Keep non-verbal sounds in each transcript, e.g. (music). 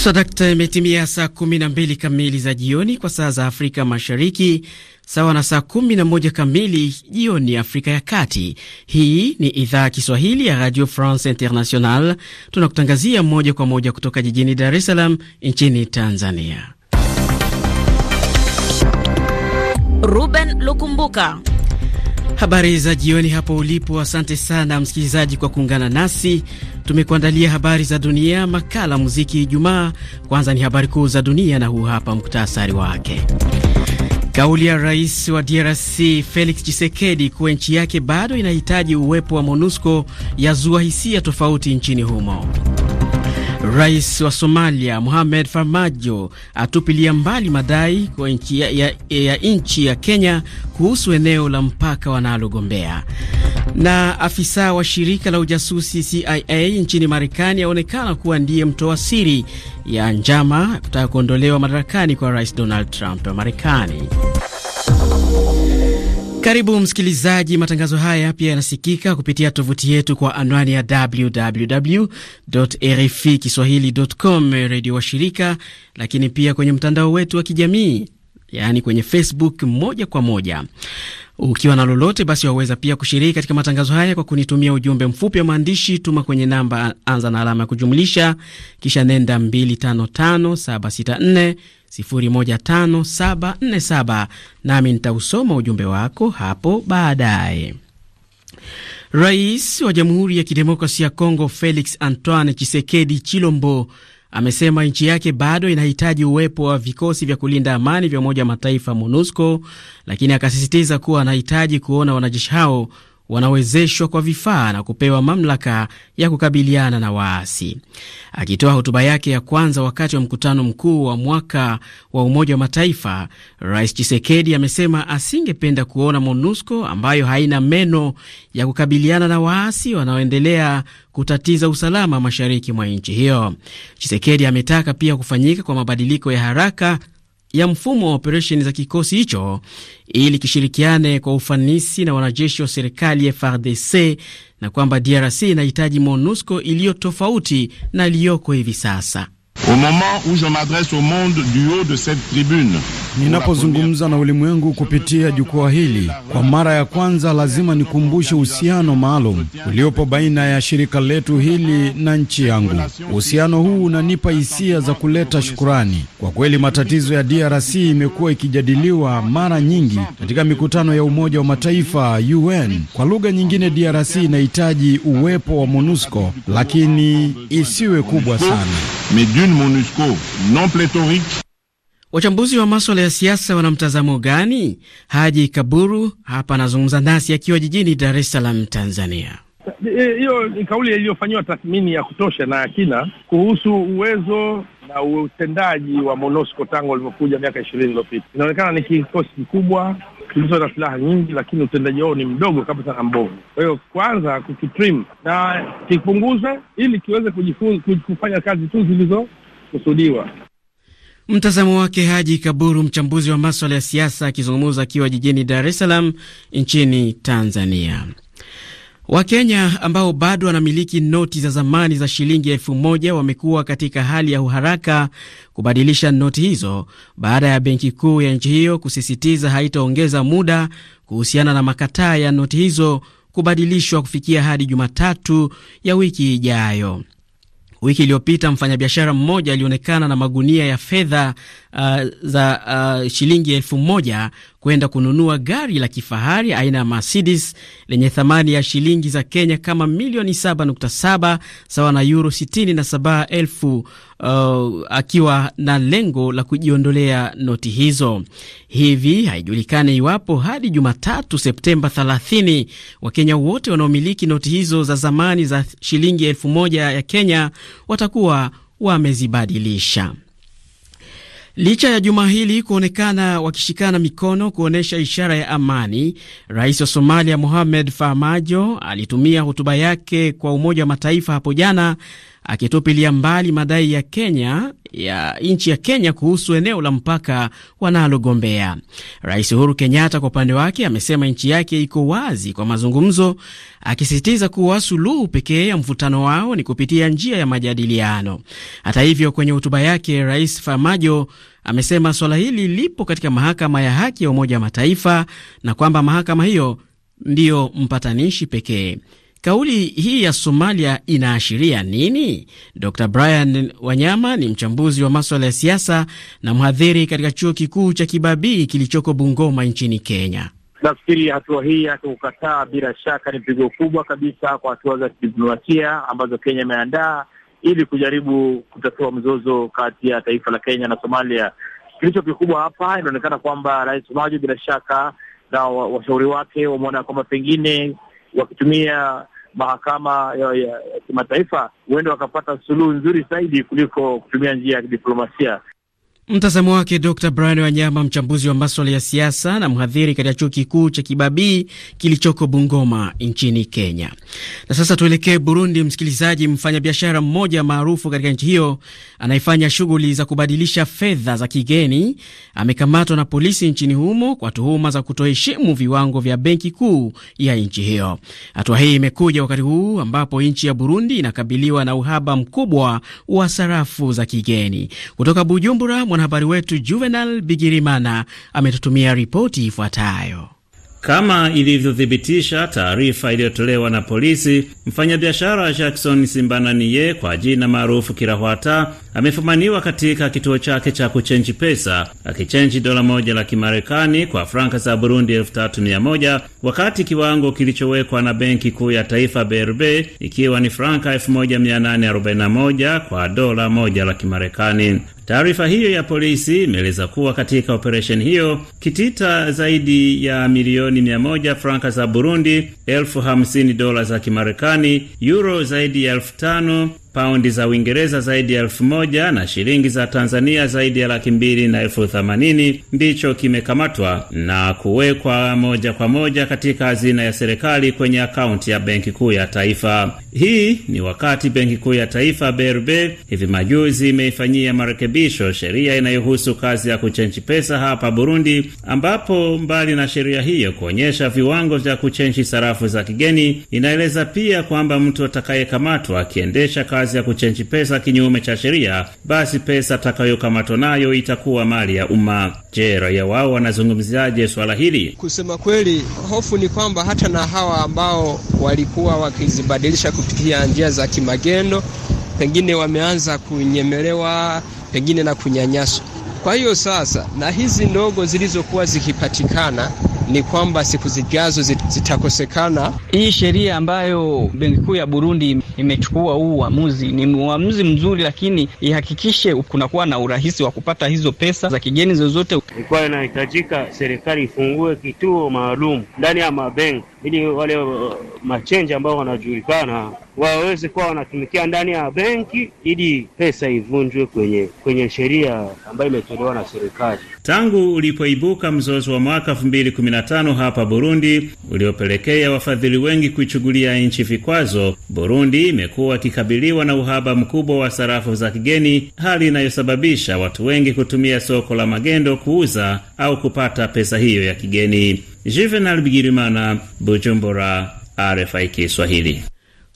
Sadakta, dakta, imetimia saa 12 kamili za jioni kwa saa za Afrika Mashariki, sawa na saa 11 kamili jioni Afrika ya Kati. Hii ni idhaa Kiswahili ya Radio France International, tunakutangazia moja kwa moja kutoka jijini Dar es Salaam nchini Tanzania. Ruben Lukumbuka Habari za jioni hapo ulipo. Asante sana msikilizaji kwa kuungana nasi. Tumekuandalia habari za dunia, makala, muziki Ijumaa. Kwanza ni habari kuu za dunia, na huu hapa muktasari wake. Kauli ya rais wa DRC Felix Tshisekedi kuwa nchi yake bado inahitaji uwepo wa MONUSCO yazua hisia tofauti nchini humo. Rais wa Somalia Mohamed Farmajo atupilia mbali madai kwa nchi ya, ya, ya nchi ya Kenya kuhusu eneo la mpaka wanalogombea. Na afisa wa shirika la ujasusi CIA nchini Marekani aonekana kuwa ndiye mtoa siri ya njama kutaka kuondolewa madarakani kwa Rais Donald Trump wa Marekani. Karibu msikilizaji, matangazo haya pia yanasikika kupitia tovuti yetu kwa anwani ya www RFI kiswahilicom, redio shirika lakini pia kwenye mtandao wetu wa kijamii, yaani kwenye Facebook moja kwa moja. Ukiwa na lolote basi, waweza pia kushiriki katika matangazo haya kwa kunitumia ujumbe mfupi wa maandishi. Tuma kwenye namba, anza na alama ya kujumlisha, kisha nenda 255764 015747 nami nitausoma ujumbe wako hapo baadaye. Rais wa Jamhuri ya Kidemokrasia ya Kongo Felix Antoine Chisekedi Chilombo amesema nchi yake bado inahitaji uwepo wa vikosi vya kulinda amani vya Umoja wa Mataifa MONUSCO, lakini akasisitiza kuwa anahitaji kuona wanajeshi hao wanawezeshwa kwa vifaa na kupewa mamlaka ya kukabiliana na waasi. Akitoa hotuba yake ya kwanza wakati wa mkutano mkuu wa mwaka wa Umoja wa Mataifa, Rais chisekedi amesema asingependa kuona MONUSCO ambayo haina meno ya kukabiliana na waasi wanaoendelea kutatiza usalama mashariki mwa nchi hiyo. chisekedi ametaka pia kufanyika kwa mabadiliko ya haraka ya mfumo wa operesheni za kikosi hicho ili kishirikiane kwa ufanisi na wanajeshi wa serikali FRDC na kwamba DRC inahitaji MONUSCO iliyo tofauti na iliyoko hivi sasa. Au moment où je m'adresse au monde du haut de cette tribune, ninapozungumza na ulimwengu kupitia jukwaa hili kwa mara ya kwanza, lazima nikumbushe uhusiano maalum uliopo baina ya shirika letu hili na nchi yangu. Uhusiano huu unanipa hisia za kuleta shukurani. Kwa kweli, matatizo ya DRC imekuwa ikijadiliwa mara nyingi katika mikutano ya Umoja wa Mataifa, UN. Kwa lugha nyingine, DRC inahitaji uwepo wa MONUSCO, lakini isiwe kubwa sana une MONUSCO non pléthorique. Wachambuzi wa maswala ya siasa wana mtazamo gani? Haji Kaburu hapa anazungumza nasi akiwa jijini Dar es Salaam, Tanzania. Hiyo ni kauli iliyofanyiwa tathmini ya kutosha na akina kuhusu uwezo na utendaji wa MONUSCO tangu walivyokuja miaka ishirini iliyopita. Inaonekana ni kikosi kikubwa kilicho na silaha nyingi, lakini utendaji wao ni mdogo kabisa na mbovu. Kwa hiyo kwanza kukitrim na kipunguze, ili kiweze kujifunza kufanya kazi tu zilizo kusudiwa. Mtazamo wake Haji Kaburu, mchambuzi wa maswala ya siasa, akizungumza akiwa jijini Dar es Salaam nchini Tanzania. Wakenya ambao bado wanamiliki noti za zamani za shilingi elfu moja wamekuwa katika hali ya uharaka kubadilisha noti hizo baada ya benki kuu ya nchi hiyo kusisitiza haitaongeza muda kuhusiana na makataa ya noti hizo kubadilishwa kufikia hadi Jumatatu ya wiki ijayo. Wiki iliyopita mfanyabiashara mmoja alionekana na magunia ya fedha uh, za uh, shilingi elfu moja kwenda kununua gari la kifahari aina ya Mercedes lenye thamani ya shilingi za Kenya kama milioni 7.7 sawa na euro 67,000, uh, akiwa na lengo la kujiondolea noti hizo. Hivi haijulikani iwapo hadi Jumatatu Septemba 30 Wakenya wote wanaomiliki noti hizo za zamani za shilingi elfu moja ya Kenya watakuwa wamezibadilisha. Licha ya juma hili kuonekana wakishikana mikono kuonyesha ishara ya amani, rais wa Somalia Mohamed Farmajo alitumia hotuba yake kwa Umoja wa Mataifa hapo jana akitupilia mbali madai ya Kenya ya nchi ya Kenya kuhusu eneo la mpaka wanalogombea. Rais Uhuru Kenyatta kwa upande wake amesema nchi yake iko wazi kwa mazungumzo, akisisitiza kuwa suluhu pekee ya mvutano wao ni kupitia njia ya majadiliano. Hata hivyo, kwenye hotuba yake, Rais Farmajo amesema swala hili lipo katika mahakama ya haki ya Umoja wa Mataifa na kwamba mahakama hiyo ndiyo mpatanishi pekee. Kauli hii ya Somalia inaashiria nini? Dr Brian Wanyama ni mchambuzi wa maswala ya siasa na mhadhiri katika chuo kikuu cha Kibabii kilichoko Bungoma nchini Kenya. Nafikiri hatua hii yake kukataa bila shaka ni pigo kubwa kabisa kwa hatua za kidiplomasia ambazo Kenya imeandaa ili kujaribu kutatua mzozo kati ya taifa la Kenya na Somalia. Kilicho kikubwa hapa, inaonekana kwamba Rais Majo bila shaka na washauri wake wameona kwamba pengine wakitumia mahakama ya, ya kimataifa, huenda wakapata suluhu nzuri zaidi kuliko kutumia njia ya kidiplomasia. Mtazamo wake Dr Brian Wanyama, mchambuzi wa maswala ya siasa na mhadhiri katika chuo kikuu cha Kibabii kilichoko Bungoma nchini Kenya. Na sasa tuelekee Burundi, msikilizaji. Mfanyabiashara mmoja maarufu katika nchi hiyo anayefanya shughuli za kubadilisha fedha za kigeni amekamatwa na polisi nchini humo kwa tuhuma za kutoheshimu viwango vya benki kuu ya nchi hiyo. Hatua hii imekuja wakati huu ambapo nchi ya Burundi inakabiliwa na uhaba mkubwa wa sarafu za kigeni. Kutoka Bujumbura, mwanahabari wetu Juvenal Bigirimana ametutumia ripoti ifuatayo. Kama ilivyothibitisha taarifa iliyotolewa na polisi, mfanyabiashara Jackson Simbananiye kwa jina maarufu Kirahwata amefumaniwa katika kituo chake cha kuchenji pesa, akichenji dola moja la Kimarekani kwa franka za Burundi elfu tatu mia moja wakati kiwango kilichowekwa na Benki Kuu ya Taifa BRB ikiwa ni franka 1841 kwa dola moja la Kimarekani. Taarifa hiyo ya polisi imeeleza kuwa katika operesheni hiyo kitita zaidi ya milioni 100 franka za Burundi, elfu hamsini dola za Kimarekani, yuro zaidi ya elfu tano paundi za Uingereza zaidi ya elfu moja na shilingi za Tanzania zaidi ya laki mbili na elfu themanini ndicho kimekamatwa na kuwekwa moja kwa moja katika hazina ya serikali kwenye akaunti ya Benki Kuu ya Taifa. Hii ni wakati Benki Kuu ya Taifa BRB hivi majuzi imeifanyia marekebisho sheria inayohusu kazi ya kuchenji pesa hapa Burundi, ambapo mbali na sheria hiyo kuonyesha viwango vya kuchenji sarafu za kigeni, inaeleza pia kwamba mtu atakayekamatwa akiendesha kazi ya kuchenji pesa kinyume cha sheria, basi pesa atakayokamatwa nayo itakuwa mali ya umma. Je, raia wao wanazungumziaje swala hili? Kusema kweli, hofu ni kwamba hata na hawa ambao walikuwa wakizibadilisha kupitia njia za kimagendo, pengine wameanza kunyemelewa, pengine na kunyanyaswa. Kwa hiyo sasa, na hizi ndogo zilizokuwa zikipatikana ni kwamba siku zijazo zitakosekana hii sheria ambayo Benki Kuu ya Burundi imechukua huu uamuzi. Ni uamuzi mzuri, lakini ihakikishe kunakuwa na urahisi wa kupata hizo pesa za kigeni zozote. Ilikuwa inahitajika serikali ifungue kituo maalum ndani ya mabenki ili wale uh, machenja ambao wanajulikana waweze kuwa wanatumikia ndani ya benki ili pesa ivunjwe kwenye kwenye sheria ambayo imetolewa na serikali. Tangu ulipoibuka mzozo wa mwaka tano hapa Burundi uliopelekea wafadhili wengi kuichugulia nchi vikwazo, Burundi imekuwa ikikabiliwa na uhaba mkubwa wa sarafu za kigeni, hali inayosababisha watu wengi kutumia soko la magendo kuuza au kupata pesa hiyo ya kigeni. Juvenal Bigirimana, Bujumbura, RFI Kiswahili.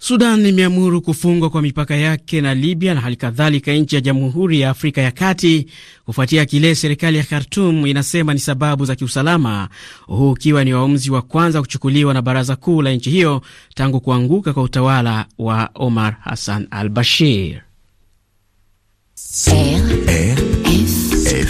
Sudan imeamuru kufungwa kwa mipaka yake na Libya na hali kadhalika nchi ya Jamhuri ya Afrika ya Kati kufuatia kile serikali ya Khartum inasema ni sababu za kiusalama, huu ukiwa ni uamuzi wa kwanza kuchukuliwa na baraza kuu la nchi hiyo tangu kuanguka kwa utawala wa Omar Hassan al Bashir. RFI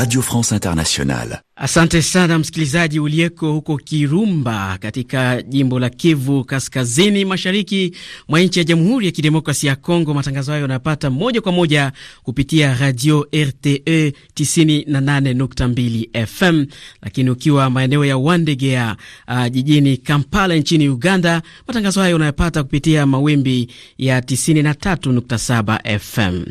Radio France Internationale. Asante sana msikilizaji uliyeko huko Kirumba katika jimbo la Kivu Kaskazini, mashariki mwa nchi ya Jamhuri ya Kidemokrasia ya Kongo. Matangazo hayo yanapata moja kwa moja kupitia radio RTE 98.2 FM, lakini ukiwa maeneo ya Wandegea uh, jijini Kampala nchini Uganda, matangazo hayo unayapata kupitia mawimbi ya 93.7 FM.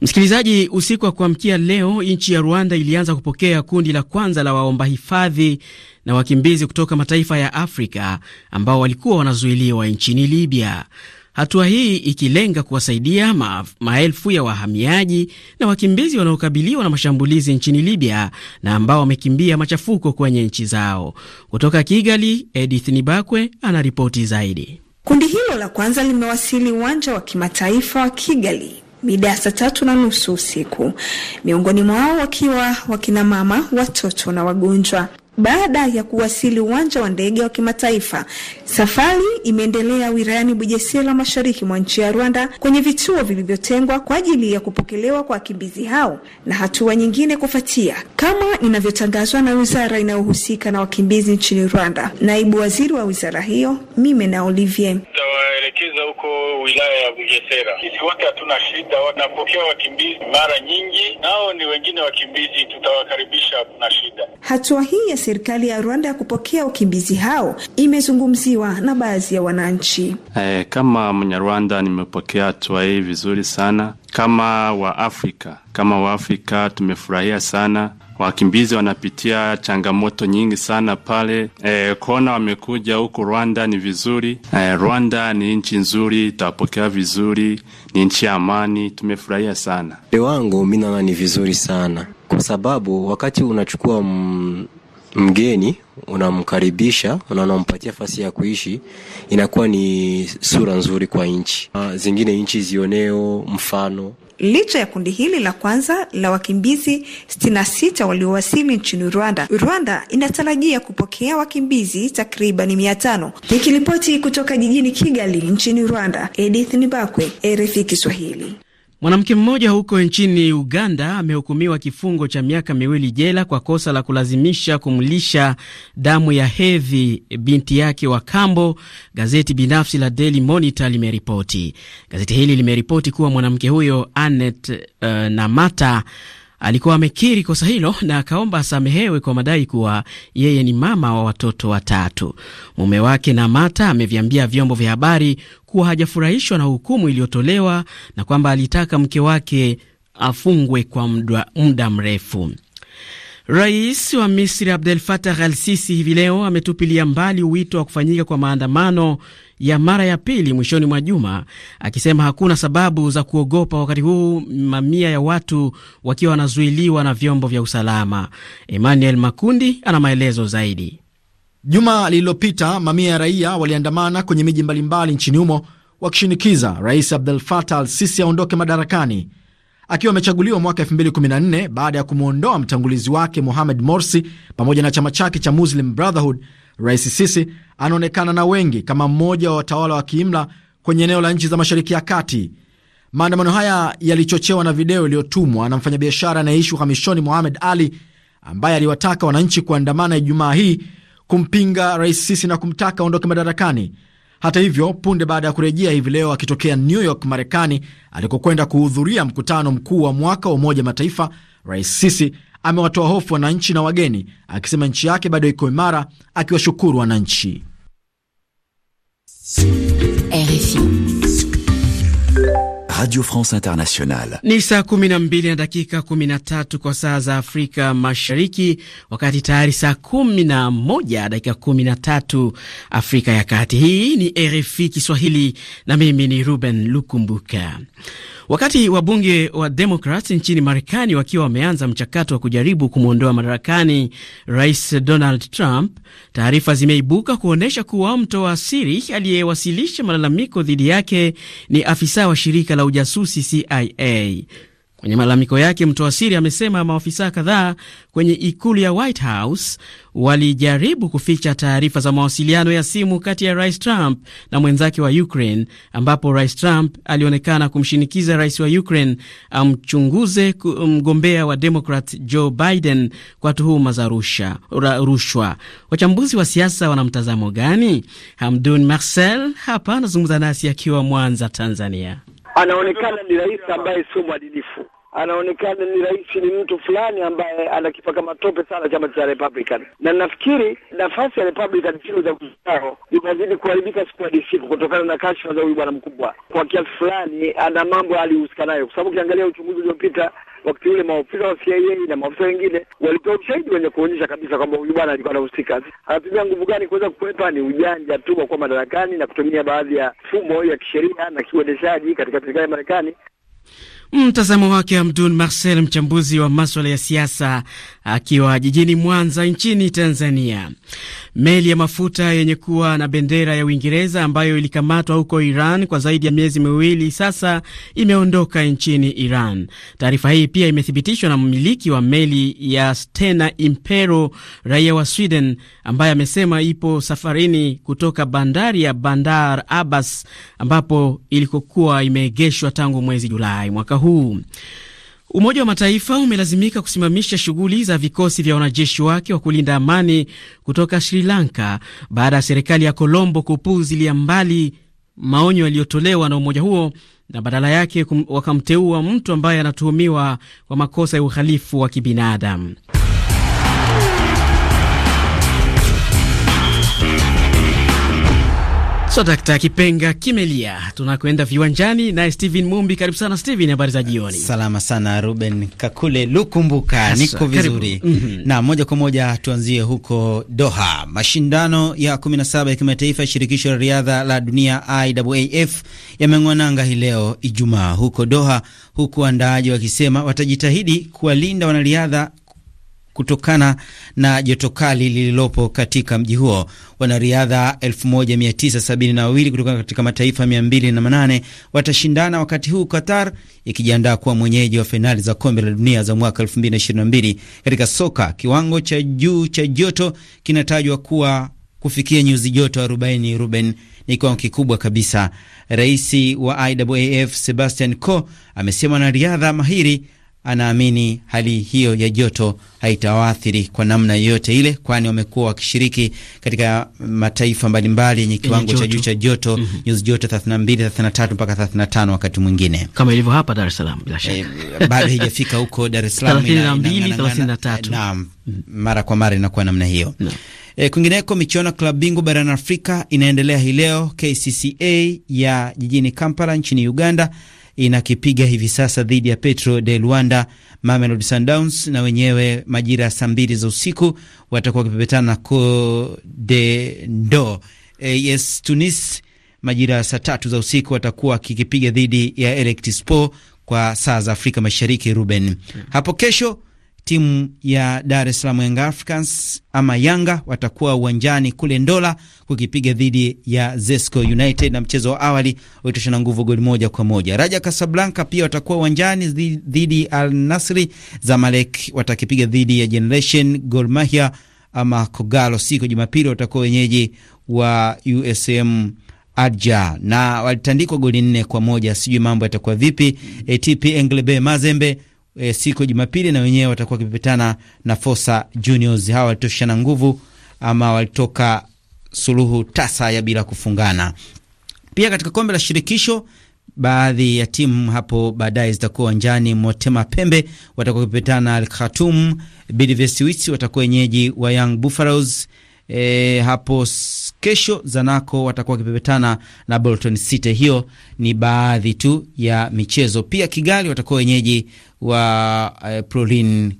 Msikilizaji, usiku wa kuamkia leo, nchi ya Rwanda ilianza kupokea kundi la kwanza la waomba hifadhi na wakimbizi kutoka mataifa ya Afrika ambao walikuwa wanazuiliwa nchini Libya, hatua hii ikilenga kuwasaidia ma maelfu ya wahamiaji na wakimbizi wanaokabiliwa na mashambulizi nchini Libya na ambao wamekimbia machafuko kwenye nchi zao. Kutoka Kigali, Edith Nibakwe anaripoti zaidi. Kundi hilo la kwanza limewasili uwanja wa kimataifa wa Kigali mida ya saa tatu na nusu usiku, miongoni mwao wakiwa wakina mama, watoto na wagonjwa. Baada ya kuwasili uwanja wa ndege wa kimataifa, safari imeendelea wilayani Bujesera, mashariki mwa nchi ya Rwanda, kwenye vituo vilivyotengwa kwa ajili ya kupokelewa kwa wakimbizi hao na hatua nyingine kufuatia, kama inavyotangazwa na wizara inayohusika na wakimbizi nchini Rwanda. Naibu waziri wa wizara hiyo Mime na Olivier tawaelekeza huko wilaya ya Bujesera. Sisi wote hatuna shida, wanapokea wakimbizi mara nyingi, nao ni wengine wakimbizi, tutawakaribisha, hatuna shida. Hatua hii serikali ya Rwanda ya kupokea wakimbizi hao imezungumziwa na baadhi ya wananchi. Eh, kama Mnyarwanda nimepokea hatua hii vizuri sana. Kama Waafrika, kama Waafrika tumefurahia sana. Wakimbizi wanapitia changamoto nyingi sana pale. E, kuona wamekuja huku Rwanda ni vizuri. E, Rwanda ni nchi nzuri, itawapokea vizuri, ni nchi ya amani, tumefurahia sana. Nde wangu mi naona ni vizuri sana, kwa sababu wakati unachukua mm, mgeni unamkaribisha, na unampatia nafasi ya kuishi, inakuwa ni sura nzuri kwa nchi ah, zingine, nchi zioneo mfano. Licha ya kundi hili la kwanza la wakimbizi 66 waliowasili nchini Rwanda, Rwanda inatarajia kupokea wakimbizi takriban 500. Nikiripoti kutoka jijini Kigali nchini Rwanda, Edith Nibakwe, RFI Kiswahili. Mwanamke mmoja huko nchini Uganda amehukumiwa kifungo cha miaka miwili jela kwa kosa la kulazimisha kumlisha damu ya hedhi binti yake wa kambo, gazeti binafsi la Daily Monitor limeripoti. Gazeti hili limeripoti kuwa mwanamke huyo Anet uh, eh, Namata Alikuwa amekiri kosa hilo na akaomba asamehewe kwa madai kuwa yeye ni mama wa watoto watatu. Mume wake Namata ameviambia vyombo vya habari kuwa hajafurahishwa na hukumu iliyotolewa na kwamba alitaka mke wake afungwe kwa muda mrefu. Rais wa Misri Abdel Fattah al Sisi hivi leo ametupilia mbali wito wa kufanyika kwa maandamano ya mara ya pili mwishoni mwa juma, akisema hakuna sababu za kuogopa wakati huu mamia ya watu wakiwa wanazuiliwa na vyombo vya usalama. Emmanuel Makundi ana maelezo zaidi. Juma lililopita mamia ya raia waliandamana kwenye miji mbalimbali nchini humo wakishinikiza Rais Abdel Fattah al-Sisi aondoke madarakani akiwa amechaguliwa mwaka 2014 baada ya kumwondoa mtangulizi wake Mohamed Morsi pamoja na chama chake cha Muslim Brotherhood Rais Sisi anaonekana na wengi kama mmoja wa watawala wa kiimla kwenye eneo la nchi za Mashariki ya Kati. Maandamano haya yalichochewa na video iliyotumwa na mfanyabiashara anayeishi uhamishoni Mohamed Ali, ambaye aliwataka wananchi kuandamana Ijumaa hii kumpinga Rais Sisi na kumtaka aondoke madarakani. Hata hivyo, punde baada ya kurejea hivi leo akitokea New York, Marekani, alikokwenda kuhudhuria mkutano mkuu wa mwaka wa Umoja Mataifa, Rais Sisi amewatoa hofu wananchi na wageni, akisema nchi yake bado iko imara, akiwashukuru wananchi. Radio France Internationale. Ni saa kumi na mbili na dakika kumi na tatu kwa saa za Afrika Mashariki, wakati tayari saa kumi na moja dakika na tatu Afrika ya Kati. Hii ni RFI Kiswahili na mimi ni Ruben Lukumbuka. Wakati wabunge wa Demokrat nchini Marekani wakiwa wameanza mchakato wa kujaribu kumwondoa madarakani Rais Donald Trump, taarifa zimeibuka kuonyesha kuwa mtoa siri aliyewasilisha malalamiko dhidi yake ni afisa wa shirika la ujasusi CIA. Kwenye malalamiko yake, mtoa siri amesema maafisa kadhaa kwenye ikulu ya White House walijaribu kuficha taarifa za mawasiliano ya simu kati ya Rais Trump na mwenzake wa Ukraine, ambapo Rais Trump alionekana kumshinikiza rais wa Ukraine amchunguze mgombea wa demokrat Joe Biden kwa tuhuma za rushwa. Wachambuzi wa siasa wana mtazamo gani? Hamdun Marcel hapa anazungumza nasi akiwa Mwanza, Tanzania anaonekana ni rais ambaye sio mwadilifu, anaonekana ni rais, ni mtu fulani ambaye anakipaka matope sana chama cha Republican, na nafikiri nafasi ya Republican chini za ujao inazidi kuharibika siku hadi siku kutokana na kashfa za huyu bwana mkubwa. Kwa kiasi fulani, ana mambo alihusika nayo, kwa sababu ukiangalia uchunguzi uliopita wakati ule maofisa wa CIA na maofisa wengine walitoa ushahidi wenye kuonyesha kabisa kwamba huyu bwana alikuwa anahusika. Anatumia nguvu gani kuweza kukwepa? Ni ujanja tu kwa kuwa madarakani na kutumia baadhi ya mfumo ya kisheria na kiuendeshaji katika serikali ya Marekani Mtazamo wake amdun Marcel, mchambuzi wa maswala ya siasa, akiwa jijini Mwanza nchini Tanzania. Meli ya mafuta yenye kuwa na bendera ya Uingereza ambayo ilikamatwa huko Iran kwa zaidi ya miezi miwili sasa imeondoka nchini Iran. Taarifa hii pia imethibitishwa na mmiliki wa meli ya Stena Impero, raia wa Sweden, ambaye amesema ipo safarini kutoka bandari ya Bandar Abbas ambapo ilikokuwa imeegeshwa tangu mwezi Julai mwaka huu. Umoja wa Mataifa umelazimika kusimamisha shughuli za vikosi vya wanajeshi wake wa kulinda amani kutoka Sri Lanka baada ya serikali ya Colombo kupuuzilia mbali maonyo yaliyotolewa na umoja huo na badala yake wakamteua mtu ambaye anatuhumiwa kwa makosa ya uhalifu wa kibinadamu. So dakta kipenga kimelia, tunakwenda viwanjani naye Steven Mumbi. Karibu sana Steven, habari za jioni? Salama sana Ruben Kakule lukumbuka, niko vizuri mm -hmm. Na moja kwa moja tuanzie huko Doha, mashindano ya 17 ya kimataifa ya shirikisho la riadha la dunia IAAF yameng'wananga hii leo Ijumaa huko Doha, huku waandaaji wakisema watajitahidi kuwalinda wanariadha kutokana na joto kali lililopo katika mji huo. Wanariadha 1972 kutoka katika mataifa 208 watashindana wakati huu Qatar ikijiandaa kuwa mwenyeji wa fainali za kombe la dunia za mwaka 2022. Katika soka, kiwango cha juu cha joto kinatajwa kuwa kufikia nyuzi joto 40. Ruben, ni kiwango kikubwa kabisa. Rais wa IAAF Sebastian Coe amesema wanariadha mahiri anaamini hali hiyo ya joto haitawaathiri kwa namna yoyote ile, kwani wamekuwa wakishiriki katika mataifa mbalimbali yenye kiwango cha juu cha joto mm -hmm. nyuzi joto 32, 33 mpaka 35 wakati mwingine kama ilivyo hapa Dar es Salaam. Bila shaka e, bado haijafika huko Dar es Salaam 32, 33. Naam, mhm. mara kwa mara inakuwa namna hiyo na. E, eh, kwingineko michuano ya klabu bingwa barani Afrika inaendelea hii leo. KCCA ya jijini Kampala nchini Uganda inakipiga hivi sasa dhidi ya Petro de Luanda. Mamelodi Sundowns na wenyewe majira ya saa mbili za usiku watakuwa wakipepetana na ndo d'Ivoire. Eh, AS Tunis majira ya saa tatu za usiku watakuwa kikipiga dhidi ya Elect kwa saa za Afrika Mashariki. Ruben, hmm. hapo kesho timu ya Dar es Salaam Young Africans ama Yanga watakuwa uwanjani kule Ndola kukipiga dhidi ya Zesco United, na mchezo wa awali ulitoshana nguvu goli moja kwa moja. Raja Casablanca pia watakuwa uwanjani dhidi Al Nasri. Zamalek watakipiga dhidi ya Generation. Gor Mahia ama Kogalo siku Jumapili watakuwa wenyeji wa USM Aja na walitandikwa goli nne kwa moja. Sijui mambo yatakuwa vipi. ATP Englebe Mazembe e, siku ya Jumapili na wenyewe watakuwa wakipepetana na Forsa Juniors. Hawa walitoshana nguvu ama walitoka suluhu tasa ya bila kufungana. Pia katika kombe la shirikisho baadhi ya timu hapo baadaye zitakuwa uwanjani. Motema Pembe watakuwa wakipepetana Al Khartoum, Bidvest Wits watakuwa wenyeji wa Young Buffaloes e, hapo kesho Zanaco watakuwa wakipepetana na Bolton City. Hiyo ni baadhi tu ya michezo. Pia Kigali watakuwa wenyeji wa e, Prolin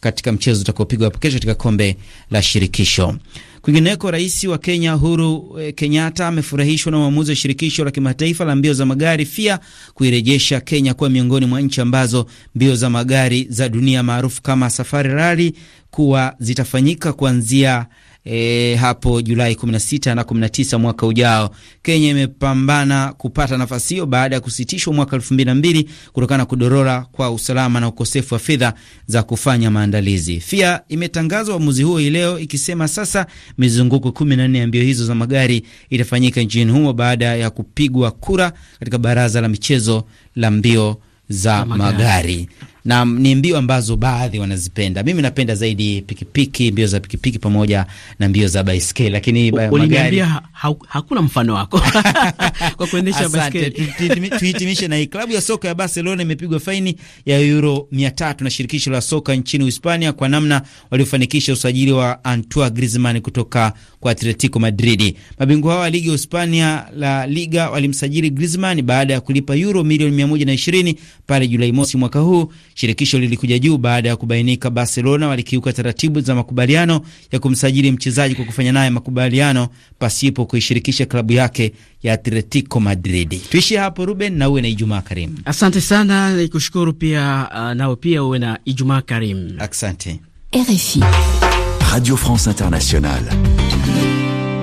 katika mchezo utakaopigwa hapo kesho katika kombe la shirikisho. Kwingineko, rais wa Kenya Uhuru e, Kenyatta amefurahishwa na uamuzi wa shirikisho la kimataifa la mbio za magari FIA kuirejesha Kenya kuwa miongoni mwa nchi ambazo mbio za magari za dunia maarufu kama Safari Rali kuwa zitafanyika kuanzia e, hapo Julai 16 na 19 mwaka ujao. Kenya imepambana kupata nafasi hiyo baada ya kusitishwa mwaka 2002 kutokana na kudorora kwa usalama na ukosefu wa fedha za kufanya maandalizi. FIA imetangaza uamuzi huo leo ikisema sasa mizunguko 14 ya mbio hizo za magari itafanyika nchini humo baada ya kupigwa kura katika baraza la michezo la mbio za magari na ni mbio ambazo baadhi wanazipenda. Mimi napenda zaidi pikipiki, mbio za pikipiki pamoja na mbio za baiskeli, lakini magari ha, hakuna mfano wako (laughs) kwa kuendesha baiskeli. Tuhitimishe na hii klabu ya soka ya Barcelona imepigwa faini ya euro 300 na shirikisho la soka nchini Hispania kwa namna waliofanikisha usajili wa Antoine Griezmann kutoka kwa Atletico Madrid. Mabingwa hao wa ligi ya Hispania la Liga walimsajili Griezmann baada ya kulipa euro milioni 120 pale Julai mosi mwaka huu. Shirikisho lilikuja juu baada ya kubainika Barcelona walikiuka taratibu za makubaliano ya kumsajili mchezaji kwa kufanya naye makubaliano pasipo kuishirikisha klabu yake ya Atletico Madridi. Tuishie hapo Ruben, na uwe na Ijumaa karimu. Asante sana, nikushukuru pia uh, nao pia uwe na Ijumaa karimu. Asante. RFI Radio France Internationale.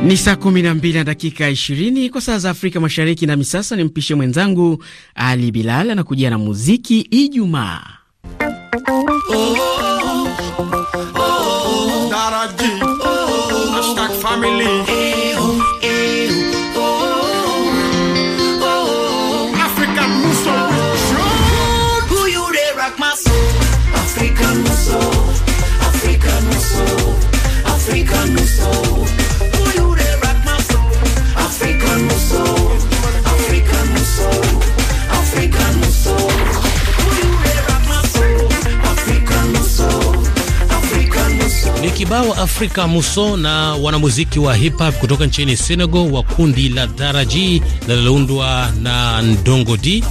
Ni saa kumi na mbili na dakika ishirini kwa saa za Afrika Mashariki, nami sasa nimpishe mwenzangu Ali Bilal anakujia na muziki Ijumaa. Oh, oh, oh. kibao Afrika Muso na wanamuziki wa hip hop kutoka nchini Senegal wa kundi la Daraji G linaloundwa na Ndongo D,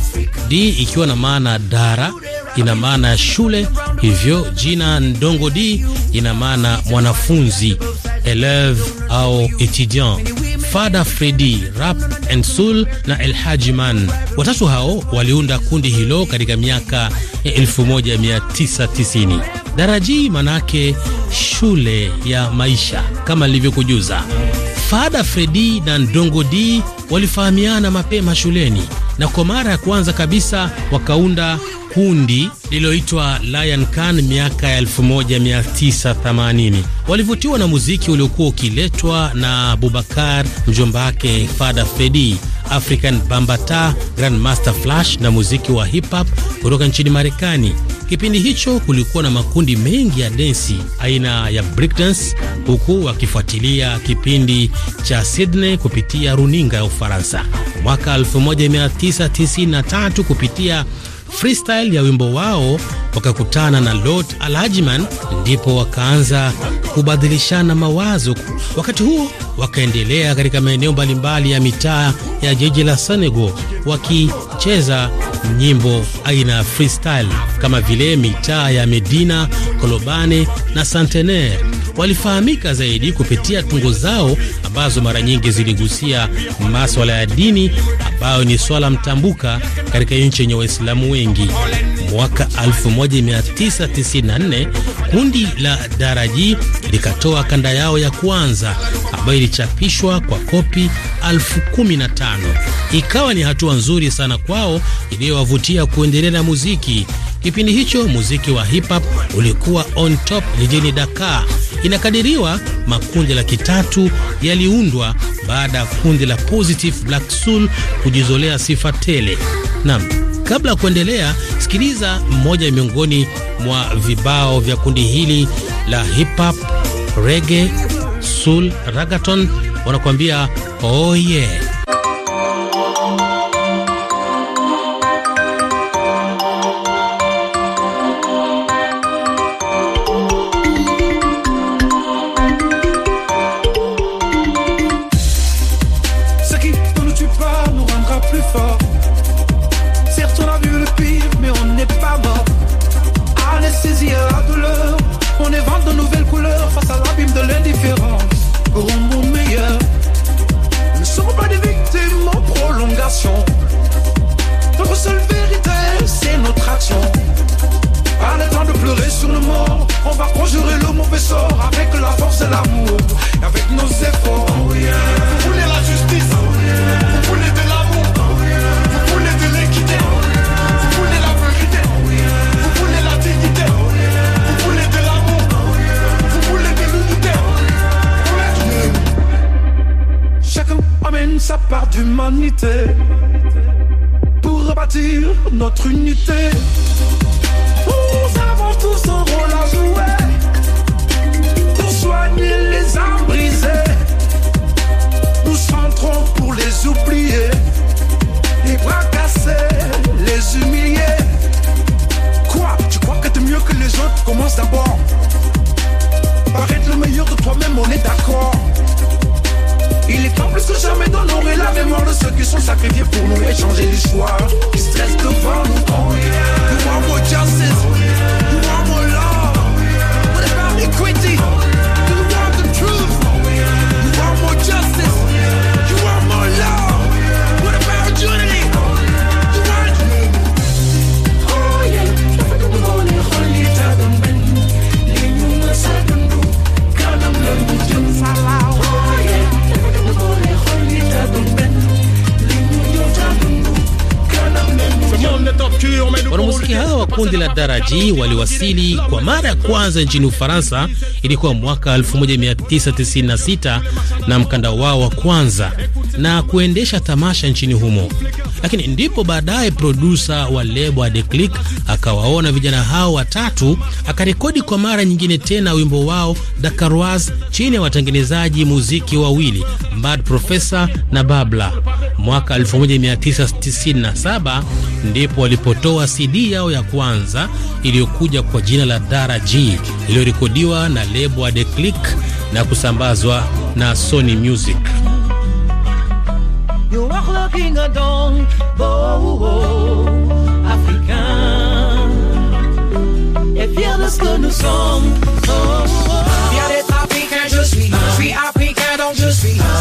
D ikiwa na maana dara ina maana shule, hivyo jina Ndongo D ina maana mwanafunzi eleve au etudiant. Fada Fredi, Rap and Soul na El Haji Man, watatu hao waliunda kundi hilo katika miaka ya 1990 daraji manake shule ya maisha kama lilivyokujuza. Fada Fredi na Ndongo D walifahamiana mapema shuleni na kwa mara ya kwanza kabisa wakaunda kundi lililoitwa Lion Can miaka ya 1980. Walivutiwa na muziki uliokuwa ukiletwa na bubakar mjomba wake Fada Fedi, African Bambata, Grandmaster Flash na muziki wa hip hop kutoka nchini Marekani. Kipindi hicho kulikuwa na makundi mengi ya densi aina ya breakdance, huku wakifuatilia kipindi cha Sydney kupitia runinga ya Ufaransa. Mwaka 1993 kupitia freestyle ya wimbo wao wakakutana na Lord Alhajiman, ndipo wakaanza kubadilishana mawazo. Wakati huo wakaendelea katika maeneo mbalimbali ya mitaa ya jiji la Senegal wakicheza nyimbo aina ya freestyle kama vile mitaa ya Medina, Kolobane na Santener. Walifahamika zaidi kupitia tungo zao ambazo mara nyingi ziligusia maswala ya dini ambayo ni swala mtambuka katika nchi yenye Waislamu wengi. Mwaka 1994 kundi la Daraji likatoa kanda yao ya kwanza ambayo ilichapishwa kwa kopi 15 Ikawa ni hatua nzuri sana kwao iliyowavutia kuendelea na muziki Kipindi hicho muziki wa hip hop ulikuwa on top jijini Dakar. Inakadiriwa makundi laki tatu yaliundwa baada ya kundi la Positive Black Soul kujizolea sifa tele. Naam, kabla ya kuendelea, sikiliza mmoja miongoni mwa vibao vya kundi hili la hip hop, reggae, soul, ragaton wanakuambia oye oh yeah. pour rebâtir notre unité. Daraji waliwasili kwa mara ya kwanza nchini Ufaransa ilikuwa mwaka 1996 na mkanda wao wa kwanza na kuendesha tamasha nchini humo, lakini ndipo baadaye produsa wa lebo ya Declic akawaona vijana hao watatu akarekodi kwa mara nyingine tena wimbo wao Dakaroise chini ya watengenezaji muziki wawili Bad Professor na Babla. Mwaka 1997 ndipo walipotoa CD yao ya kwanza iliyokuja kwa jina la Dara G iliyorekodiwa na lebo ya The Click na kusambazwa na Sony Music.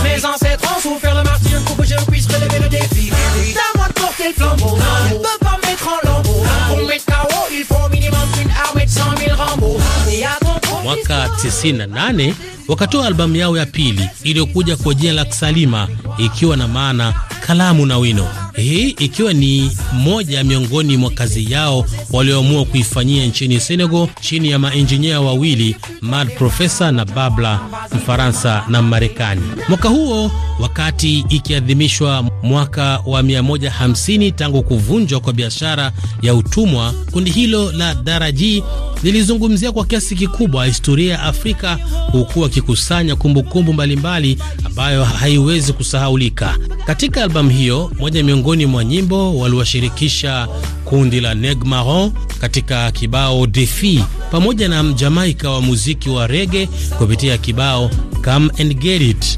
Mes ancêtres ont souffert le martyre pour que je puisse relever le défi. Ah, porter le flambeau. ne peut pas mettre en lambeau. Pour mettre KO, il faut au minimum une armée de 100 000 Rambo. Mwaka 98 wakatoa albamu yao ya pili iliyokuja kwa jina la Ksalima, ikiwa na maana kalamu na wino hii ikiwa ni moja miongoni mwa kazi yao walioamua kuifanyia nchini Senegal chini ya mainjinia wawili mad Professor na Babla Mfaransa na Marekani. Mwaka huo wakati ikiadhimishwa mwaka wa 150 tangu kuvunjwa kwa biashara ya utumwa, kundi hilo la Daraji lilizungumzia kwa kiasi kikubwa historia ya Afrika huku akikusanya kumbukumbu mbalimbali ambayo haiwezi kusahaulika. Katika albamu hiyo moja miongoni miongoni mwa nyimbo waliwashirikisha kundi la Neg Maron katika kibao Defi pamoja na mjamaika wa muziki wa rege kupitia kibao Come and Get It.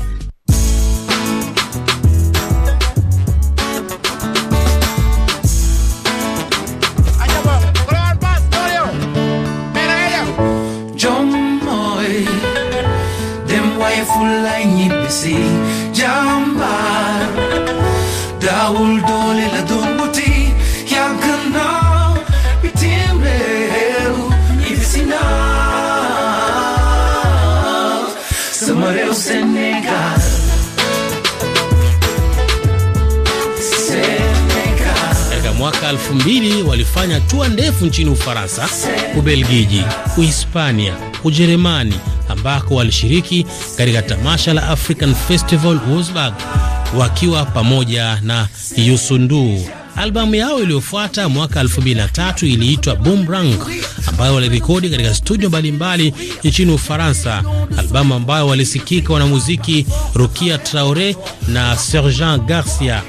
elfu mbili walifanya tua ndefu nchini Ufaransa, Ubelgiji, Uhispania, Ujerumani, ambako walishiriki katika tamasha la African Festival Wolfsburg wakiwa pamoja na Yusundu. Albamu yao iliyofuata mwaka 2003 iliitwa Boomerang ambayo walirekodi katika studio mbalimbali nchini Ufaransa, albamu ambayo walisikika wanamuziki Rukia Traore na Sergent Garcia.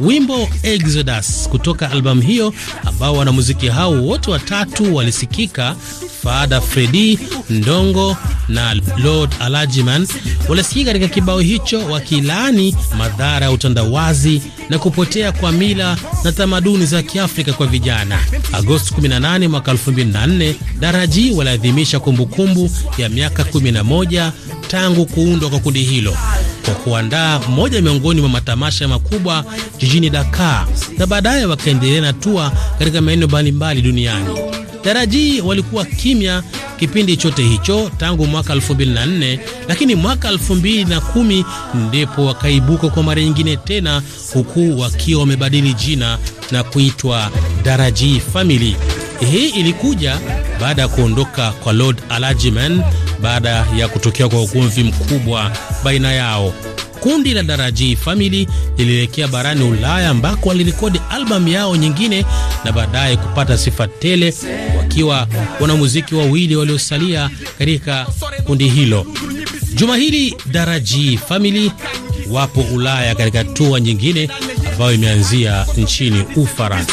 Wimbo Exodus kutoka albamu hiyo, ambao wanamuziki hao wote watatu walisikika, Fada Fredi Ndongo na Lord Alajiman walisikika katika kibao hicho wakilaani madhara ya utandawazi na kupotea kwa mila na tamaduni za Kiafrika kwa vijana. Agosti 18 mwaka 2004 Nyerere, Daraji waliadhimisha kumbukumbu ya miaka 11 tangu kuundwa kwa kundi hilo kwa kuandaa moja miongoni mwa matamasha makubwa jijini Dakar na baadaye wakaendelea na tua katika maeneo mbalimbali duniani. Taraji walikuwa kimya kipindi chote hicho tangu mwaka 2004, lakini mwaka 2010 ndipo wakaibuka kwa mara nyingine tena, huku wakiwa wamebadili jina na kuitwa Daraji Family. Hii ilikuja baada ya kuondoka kwa Lord Alajiman baada ya kutokea kwa ugomvi mkubwa baina yao kundi la Darajii Family lilielekea barani Ulaya ambako walirekodi albamu yao nyingine na baadaye kupata sifa tele, wakiwa wanamuziki wawili waliosalia katika kundi hilo. Juma hili Darajii Family wapo Ulaya katika tua nyingine ambayo imeanzia nchini Ufaransa.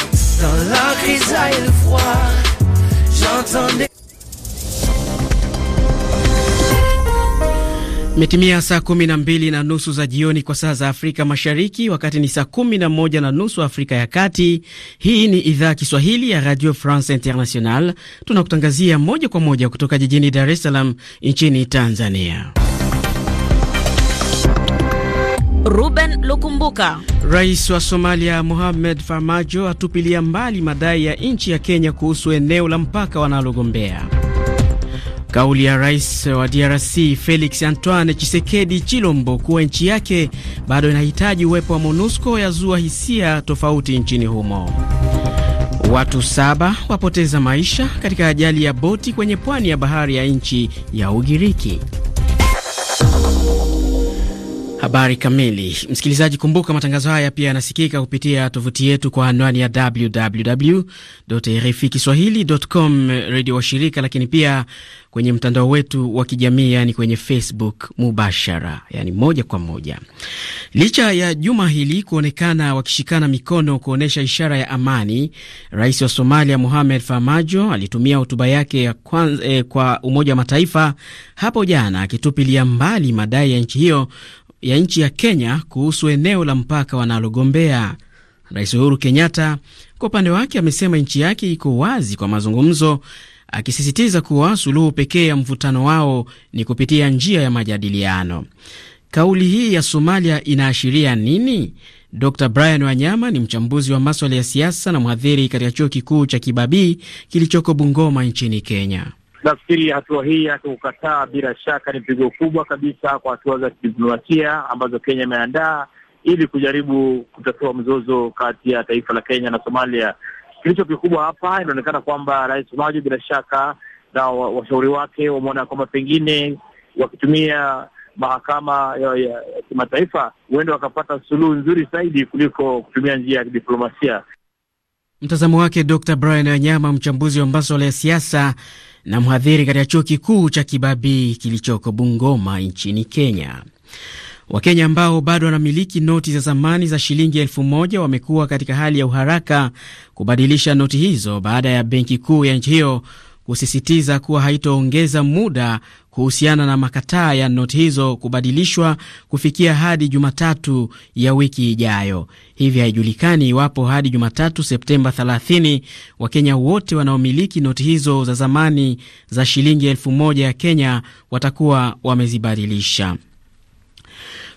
Dans la grisaille et le froid, j'entendais. Imetimia saa kumi na mbili na nusu za jioni kwa saa za Afrika Mashariki, wakati ni saa kumi na moja na nusu Afrika ya Kati. Hii ni idhaa Kiswahili ya Radio France International, tunakutangazia moja kwa moja kutoka jijini Dar es Salaam nchini Tanzania. Ruben Lukumbuka. Rais wa Somalia Mohamed Farmajo atupilia mbali madai ya nchi ya Kenya kuhusu eneo la mpaka wanalogombea. Kauli ya rais wa DRC Felix Antoine Chisekedi Chilombo kuwa nchi yake bado inahitaji uwepo wa MONUSCO yazua hisia tofauti nchini humo. Watu saba wapoteza maisha katika ajali ya boti kwenye pwani ya bahari ya nchi ya Ugiriki. Habari kamili, msikilizaji, kumbuka matangazo haya pia yanasikika kupitia tovuti yetu kwa anwani ya www RFI kiswahilicom, redio wa shirika, lakini pia kwenye mtandao wetu wa kijamii, yani kwenye Facebook mubashara, yani moja kwa moja. Licha ya juma hili kuonekana wakishikana mikono kuonyesha ishara ya amani, rais wa Somalia Mohamed Farmajo alitumia hotuba yake ya kwanza, eh, kwa Umoja wa Mataifa hapo jana akitupilia mbali madai ya nchi hiyo ya nchi ya Kenya kuhusu eneo la mpaka wanalogombea. Rais Uhuru Kenyatta kwa upande wake amesema nchi yake iko wazi kwa mazungumzo, akisisitiza kuwa suluhu pekee ya mvutano wao ni kupitia njia ya majadiliano. Kauli hii ya Somalia inaashiria nini? Dr Brian Wanyama ni mchambuzi wa maswala ya siasa na mhadhiri katika chuo kikuu cha Kibabii kilichoko Bungoma nchini Kenya. Nafikiri hatua hii ya kukataa bila shaka ni pigo kubwa kabisa kwa hatua za kidiplomasia ambazo Kenya imeandaa ili kujaribu kutatua mzozo kati ya taifa la Kenya na Somalia. Kilicho kikubwa hapa, inaonekana kwamba Rais Maji bila shaka na washauri wake wameona kwamba pengine wakitumia mahakama ya kimataifa huenda wakapata suluhu nzuri zaidi kuliko kutumia njia ya kidiplomasia. Mtazamo wake Dr Brian Wanyama, mchambuzi wa maswala ya siasa na mhadhiri katika chuo kikuu cha Kibabii kilichoko Bungoma nchini Kenya. Wakenya ambao bado wanamiliki noti za zamani za shilingi elfu moja wamekuwa katika hali ya uharaka kubadilisha noti hizo baada ya benki kuu ya nchi hiyo kusisitiza kuwa haitoongeza muda kuhusiana na makataa ya noti hizo kubadilishwa kufikia hadi Jumatatu ya wiki ijayo. Hivi haijulikani iwapo hadi Jumatatu Septemba 30 Wakenya wote wanaomiliki noti hizo za zamani za shilingi elfu moja ya Kenya watakuwa wamezibadilisha.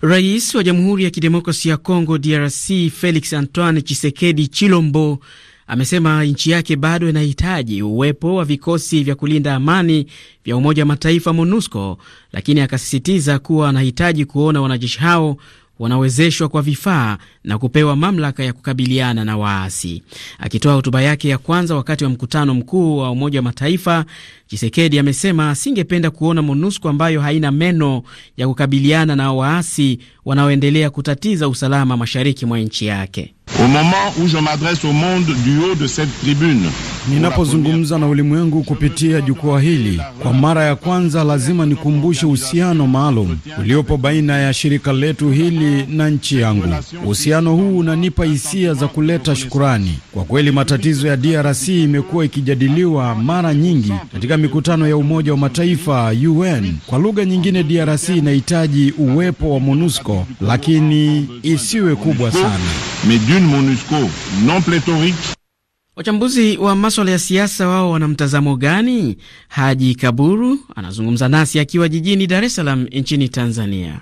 Rais wa Jamhuri ya Kidemokrasia ya Kongo DRC Felix Antoine Chisekedi Chilombo amesema nchi yake bado inahitaji uwepo wa vikosi vya kulinda amani vya Umoja wa Mataifa MONUSCO, lakini akasisitiza kuwa anahitaji kuona wanajeshi hao wanawezeshwa kwa vifaa na kupewa mamlaka ya kukabiliana na waasi. Akitoa hotuba yake ya kwanza wakati wa mkutano mkuu wa Umoja wa Mataifa, Chisekedi amesema asingependa kuona MONUSCO ambayo haina meno ya kukabiliana na waasi wanaoendelea kutatiza usalama mashariki mwa nchi yake. Au moment où je m'adresse au monde du haut de cette tribune, ninapozungumza na ulimwengu kupitia jukwaa hili kwa mara ya kwanza, lazima nikumbushe uhusiano maalum uliopo baina ya shirika letu hili na nchi yangu. Uhusiano huu unanipa hisia za kuleta shukurani. Kwa kweli, matatizo ya DRC imekuwa ikijadiliwa mara nyingi katika mikutano ya Umoja wa Mataifa, UN. Kwa lugha nyingine, DRC inahitaji uwepo wa MONUSCO, lakini isiwe kubwa sana. mais d'une MONUSCO non pléthorique Wachambuzi wa maswala ya siasa wao wana mtazamo gani? Haji Kaburu anazungumza nasi akiwa jijini Dar es Salaam nchini Tanzania.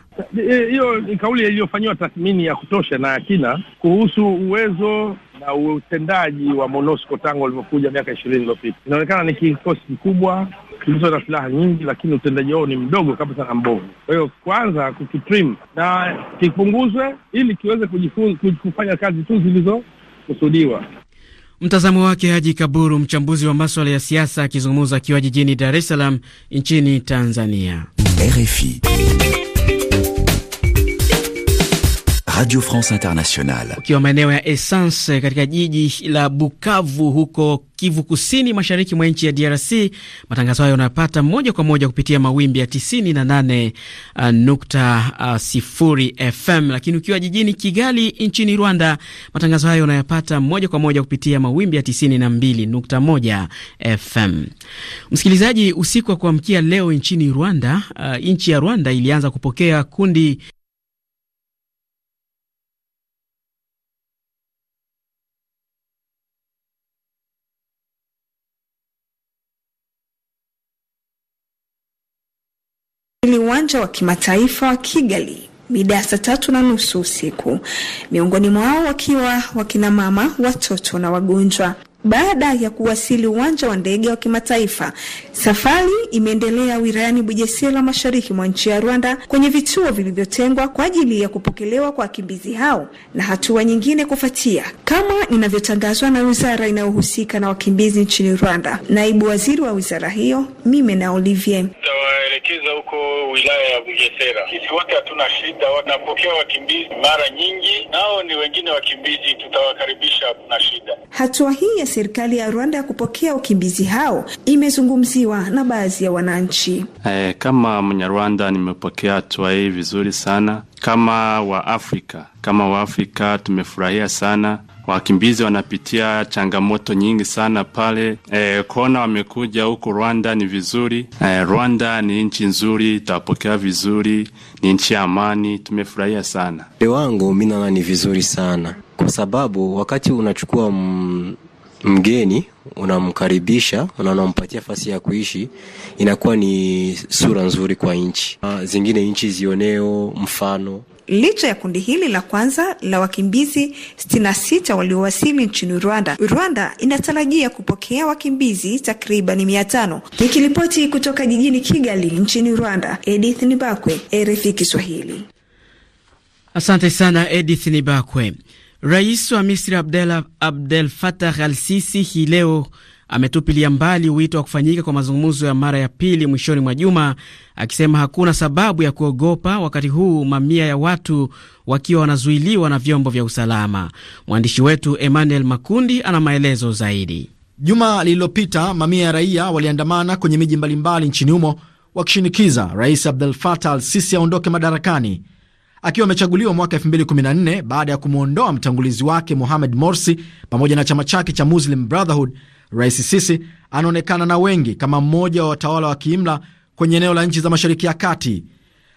Eh, hiyo ni kauli iliyofanyiwa tathmini ya kutosha na akina kuhusu uwezo na utendaji wa MONUSCO tangu walivyokuja miaka ishirini iliyopita. Inaonekana ni kikosi kikubwa kilizo na silaha nyingi, lakini utendaji wao ni mdogo kabisa na mbovu. Kwa hiyo kwanza kukitrim na kipunguzwe ili kiweze kujifunza kufanya kazi tu zilizokusudiwa. Mtazamo wake Haji Kaburu, mchambuzi wa maswala ya siasa, akizungumza akiwa jijini Dar es Salaam nchini Tanzania, RFI. Radio France Internationale, ukiwa maeneo ya Essence eh, katika jiji la Bukavu huko Kivu Kusini, mashariki mwa nchi ya DRC. Matangazo hayo unayopata moja kwa moja kupitia mawimbi ya 98.0 eh, eh, FM, lakini ukiwa jijini Kigali nchini Rwanda, matangazo hayo unayopata moja kwa moja kupitia mawimbi ya 92.1 FM. Msikilizaji, usiku wa kuamkia leo nchini Rwanda, uh, nchi ya Rwanda ilianza kupokea kundi Ni uwanja wa kimataifa wa Kigali mida ya saa tatu na nusu usiku, miongoni mwao wakiwa wakina mama, watoto na wagonjwa. Baada ya kuwasili uwanja wa ndege wa kimataifa, safari imeendelea wilayani Bujesera, mashariki mwa nchi ya Rwanda, kwenye vituo vilivyotengwa kwa ajili ya kupokelewa kwa wakimbizi hao na hatua nyingine kufuatia, kama inavyotangazwa na wizara inayohusika na wakimbizi nchini Rwanda. Naibu waziri wa wizara hiyo Mime na Olivier tunawaelekeza huko wilaya ya Bugesera. Sisi wote hatuna shida, wanapokea wakimbizi mara nyingi, nao ni wengine wakimbizi, tutawakaribisha, hatuna shida. Hatua hii ya serikali ya Rwanda ya kupokea wakimbizi hao imezungumziwa na baadhi ya wananchi. Eh, kama Mnyarwanda nimepokea hatua hii vizuri sana, kama Waafrika, kama Waafrika tumefurahia sana wakimbizi wanapitia changamoto nyingi sana pale e, eh, kuona wamekuja huku Rwanda ni vizuri e, Rwanda ni nchi nzuri, tawapokea vizuri, ni nchi ya amani, tumefurahia sana. Wangu mi naona ni vizuri sana, kwa sababu wakati unachukua m mgeni unamkaribisha na unampatia fasi ya kuishi, inakuwa ni sura nzuri kwa nchi ah, zingine, nchi zioneo mfano Licha ya kundi hili la kwanza la wakimbizi 66 waliowasili nchini Rwanda, Rwanda inatarajia kupokea wakimbizi takriban mia tano. Nikiripoti kutoka jijini Kigali nchini Rwanda, Edith Nibakwe, RFI Kiswahili. Asante sana Edith Nibakwe. Rais wa Misri Abdel Abdel Fattah al-Sisi hii leo ametupilia mbali wito wa kufanyika kwa mazungumzo ya mara ya pili mwishoni mwa juma, akisema hakuna sababu ya kuogopa wakati huu mamia ya watu wakiwa wanazuiliwa na vyombo vya usalama. Mwandishi wetu Emmanuel Makundi ana maelezo zaidi. Juma lililopita mamia ya raia waliandamana kwenye miji mbalimbali nchini humo wakishinikiza Rais Abdel Fattah al-Sisi aondoke madarakani akiwa amechaguliwa mwaka 2014 baada ya kumwondoa mtangulizi wake Mohamed Morsi pamoja na chama chake cha Muslim Brotherhood Rais Sisi anaonekana na wengi kama mmoja wa watawala wa kiimla kwenye eneo la nchi za Mashariki ya Kati.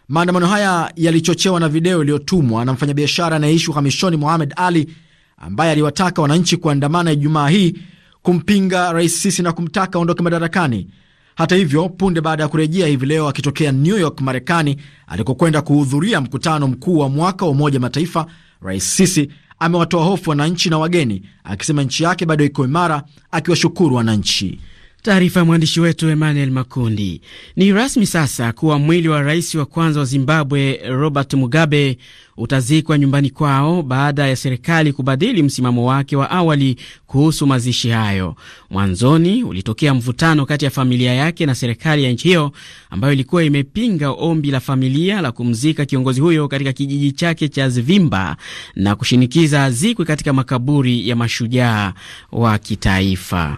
Maandamano haya yalichochewa na video iliyotumwa na mfanyabiashara anayeishi uhamishoni Mohamed Ali, ambaye aliwataka wananchi kuandamana Ijumaa hii kumpinga Rais Sisi na kumtaka aondoke madarakani. Hata hivyo, punde baada ya kurejea hivi leo akitokea New York, Marekani, alikokwenda kuhudhuria mkutano mkuu wa mwaka wa Umoja Mataifa, Rais Sisi amewatoa hofu wananchi na wageni, akisema nchi yake bado iko imara, akiwashukuru wananchi. Taarifa ya mwandishi wetu Emmanuel Makundi. Ni rasmi sasa kuwa mwili wa rais wa kwanza wa Zimbabwe Robert Mugabe utazikwa nyumbani kwao baada ya serikali kubadili msimamo wake wa awali kuhusu mazishi hayo. Mwanzoni ulitokea mvutano kati ya familia yake na serikali ya nchi hiyo ambayo ilikuwa imepinga ombi la familia la kumzika kiongozi huyo katika kijiji chake cha Zvimba na kushinikiza azikwe katika makaburi ya mashujaa wa kitaifa.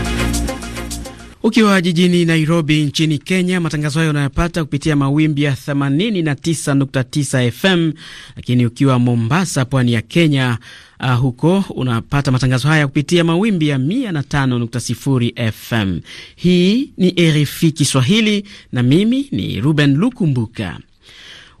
Ukiwa jijini Nairobi nchini Kenya, matangazo hayo unayapata kupitia mawimbi ya 89.9 FM, lakini ukiwa Mombasa, pwani ya Kenya, uh, huko unapata matangazo haya kupitia mawimbi ya 105.0 FM. Hii ni RFI Kiswahili na mimi ni Ruben Lukumbuka.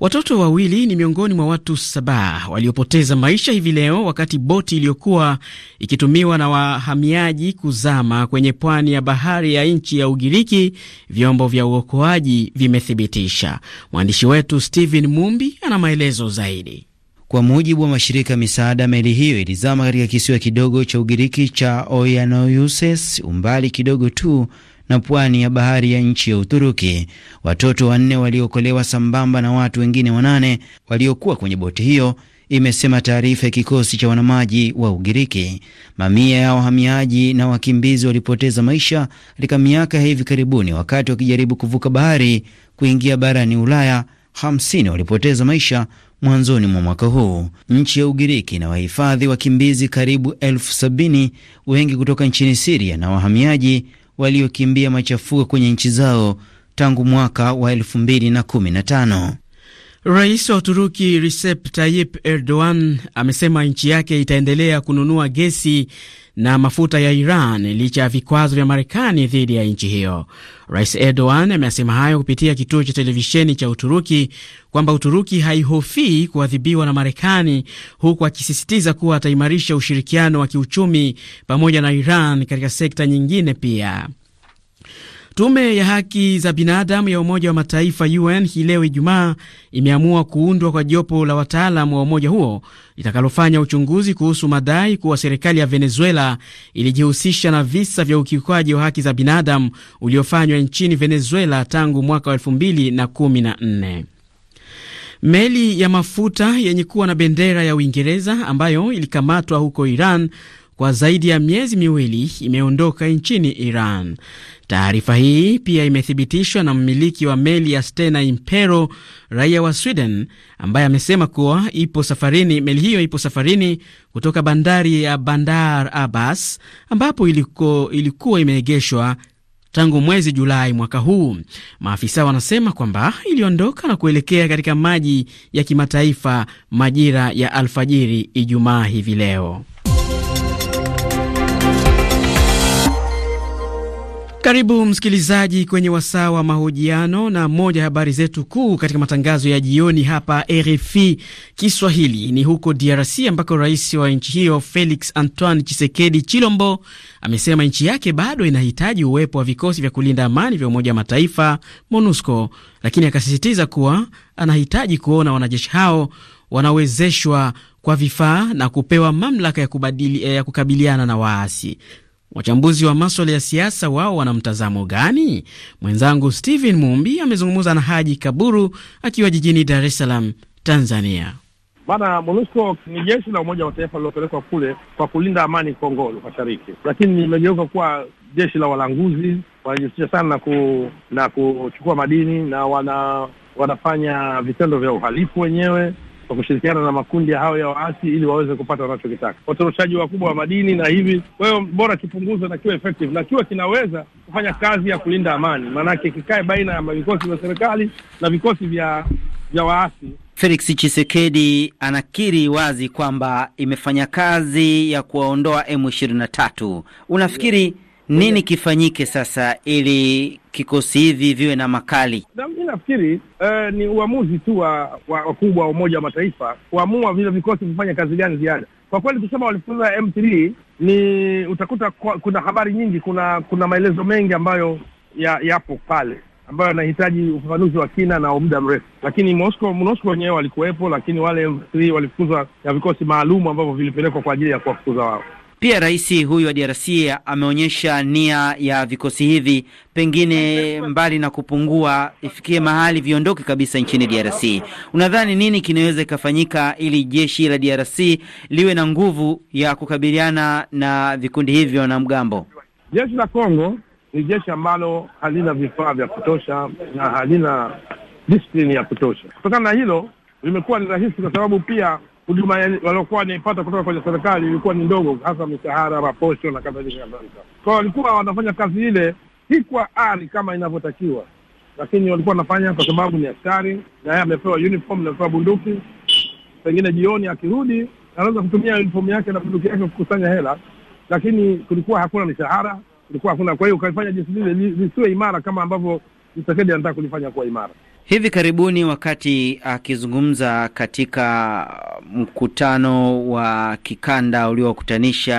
Watoto wawili ni miongoni mwa watu saba waliopoteza maisha hivi leo wakati boti iliyokuwa ikitumiwa na wahamiaji kuzama kwenye pwani ya bahari ya nchi ya Ugiriki, vyombo vya uokoaji vimethibitisha. Mwandishi wetu Steven Mumbi ana maelezo zaidi. Kwa mujibu wa mashirika ya misaada, meli hiyo ilizama katika kisiwa kidogo cha Ugiriki cha Oianoiuses, umbali kidogo tu na pwani ya bahari ya nchi ya Uturuki. Watoto wanne waliokolewa sambamba na watu wengine wanane waliokuwa kwenye boti hiyo, imesema taarifa ya kikosi cha wanamaji wa Ugiriki. Mamia ya wahamiaji na wakimbizi walipoteza maisha katika miaka ya hivi karibuni wakati wakijaribu kuvuka bahari kuingia barani Ulaya. Hamsini walipoteza maisha mwanzoni mwa mwaka huu. Nchi ya Ugiriki na wahifadhi wakimbizi karibu elfu sabini wengi kutoka nchini Siria na wahamiaji waliokimbia machafuko kwenye nchi zao tangu mwaka wa tano Rais wa Uturuki Recep Tayyip Erdogan amesema nchi yake itaendelea kununua gesi na mafuta ya Iran licha ya vikwazo vya Marekani dhidi ya nchi hiyo. Rais Erdogan amesema hayo kupitia kituo cha televisheni cha Uturuki kwamba Uturuki haihofii kuadhibiwa na Marekani, huku akisisitiza kuwa ataimarisha ushirikiano wa kiuchumi pamoja na Iran katika sekta nyingine pia. Tume ya haki za binadamu ya Umoja wa Mataifa UN hii leo Ijumaa imeamua kuundwa kwa jopo la wataalam wa umoja huo litakalofanya uchunguzi kuhusu madai kuwa serikali ya Venezuela ilijihusisha na visa vya ukiukwaji wa haki za binadamu uliofanywa nchini Venezuela tangu mwaka wa 2014. Meli ya mafuta yenye kuwa na bendera ya Uingereza ambayo ilikamatwa huko Iran kwa zaidi ya miezi miwili imeondoka nchini Iran. Taarifa hii pia imethibitishwa na mmiliki wa meli ya Stena Impero, raia wa Sweden, ambaye amesema kuwa ipo safarini, meli hiyo ipo safarini kutoka bandari ya Bandar Abbas ambapo iliko, ilikuwa imeegeshwa tangu mwezi Julai mwaka huu. Maafisa wanasema kwamba iliondoka na kuelekea katika maji ya kimataifa majira ya alfajiri Ijumaa hivi leo. Karibu msikilizaji kwenye wasaa wa mahojiano, na moja ya habari zetu kuu katika matangazo ya jioni hapa RFI Kiswahili ni huko DRC ambako rais wa nchi hiyo Felix Antoine Chisekedi Chilombo amesema nchi yake bado inahitaji uwepo wa vikosi vya kulinda amani vya Umoja wa Mataifa MONUSCO, lakini akasisitiza kuwa anahitaji kuona wanajeshi hao wanawezeshwa kwa vifaa na kupewa mamlaka ya, kubadili, eh, ya kukabiliana na waasi. Wachambuzi wa maswala ya siasa wao wana mtazamo gani? Mwenzangu Stephen Mumbi amezungumza na Haji Kaburu akiwa jijini Dar es Salaam, Tanzania. Bana, MONUSCO ni jeshi la Umoja wa Mataifa lililopelekwa kule kwa kulinda amani Kongo Mashariki, lakini limegeuka kuwa jeshi la walanguzi. Wanajihusisha sana na ku, na kuchukua madini na wana wanafanya vitendo vya uhalifu wenyewe kwa kushirikiana na makundi hayo ya waasi ili waweze kupata wanachokitaka, watoroshaji wakubwa wa madini na hivi. Kwa hiyo bora kipunguzwe na kiwe effective na kiwe kinaweza kufanya kazi ya kulinda amani, maanake kikae baina ya vikosi vya serikali na vikosi vya vya waasi. Felix Chisekedi anakiri wazi kwamba imefanya kazi ya kuwaondoa M23. Unafikiri yeah. Nini kifanyike sasa ili kikosi hivi viwe na makali? Mi nafikiri eh, ni uamuzi tu wa wakubwa wa Umoja wa Mataifa kuamua vile vikosi vifanya kazi gani ziada. Kwa kweli kusema walifunza M3 ni utakuta kwa, kuna habari nyingi, kuna kuna maelezo mengi ambayo yapo ya pale ambayo yanahitaji ufafanuzi wa kina na muda mrefu, lakini Moscow Moscow wenyewe walikuwepo, lakini wale M3 walifukuzwa na vikosi maalum ambavyo vilipelekwa kwa ajili ya kuwafukuza wao. Pia rais huyu wa DRC ameonyesha nia ya vikosi hivi pengine mbali na kupungua ifikie mahali viondoke kabisa nchini DRC. Unadhani nini kinaweza kikafanyika ili jeshi la DRC liwe na nguvu ya kukabiliana na vikundi hivi vya wanamgambo? Jeshi la Kongo ni jeshi ambalo halina vifaa vya kutosha na halina disiplini ya kutosha. Kutokana na hilo, limekuwa ni rahisi kwa sababu pia huduma waliokuwa wanaipata kutoka kwenye serikali ilikuwa ni ndogo, hasa mishahara, maposho na kadhalika kadhalika. Kwao walikuwa wanafanya kazi ile si kwa ari kama inavyotakiwa, lakini walikuwa wanafanya kwa sababu ni askari, na yeye amepewa uniform, amepewa bunduki. Pengine jioni akirudi anaweza kutumia uniform yake na bunduki yake kukusanya hela, lakini kulikuwa hakuna mishahara, kulikuwa hakuna. Kwa hiyo ukaifanya jinsi lile lisiwe imara kama ambavyo mstakeli anataka kulifanya kuwa imara. Hivi karibuni wakati akizungumza katika mkutano wa kikanda uliokutanisha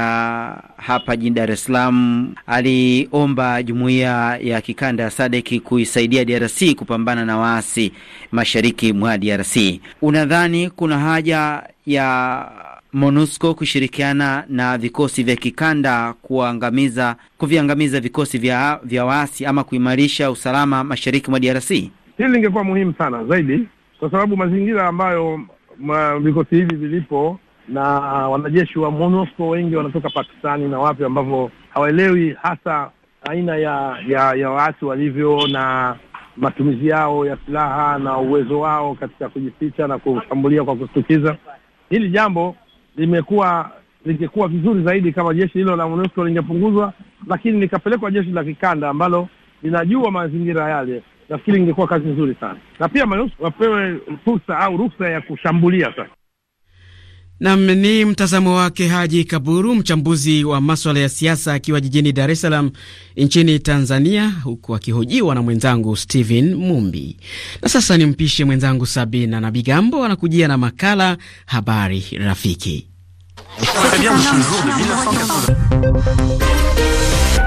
hapa jijini Dar es Salaam, aliomba jumuiya ya kikanda ya sadeki kuisaidia DRC kupambana na waasi mashariki mwa DRC. Unadhani kuna haja ya MONUSCO kushirikiana na vikosi vya kikanda kuangamiza kuviangamiza vikosi vya, vya waasi ama kuimarisha usalama mashariki mwa DRC? Hili lingekuwa muhimu sana zaidi, kwa sababu mazingira ambayo vikosi hivi vilipo na wanajeshi wa monosco wengi wanatoka Pakistani na wapi, ambavyo hawaelewi hasa aina ya ya, ya watu walivyo na matumizi yao ya silaha na uwezo wao katika kujificha na kushambulia kwa kushtukiza. Hili jambo limekuwa lingekuwa vizuri zaidi kama jeshi hilo la monosco lingepunguzwa, lakini likapelekwa jeshi la kikanda ambalo linajua mazingira yale nafikiri ingekuwa kazi nzuri sana, na pia wapewe fursa au ruksa ya kushambulia sasa. Nam ni mtazamo wake Haji Kaburu, mchambuzi wa maswala ya siasa, akiwa jijini Dar es Salaam nchini Tanzania, huku akihojiwa na mwenzangu Stephen Mumbi. Na sasa ni mpishe mwenzangu Sabina na Bigambo anakujia na makala Habari Rafiki.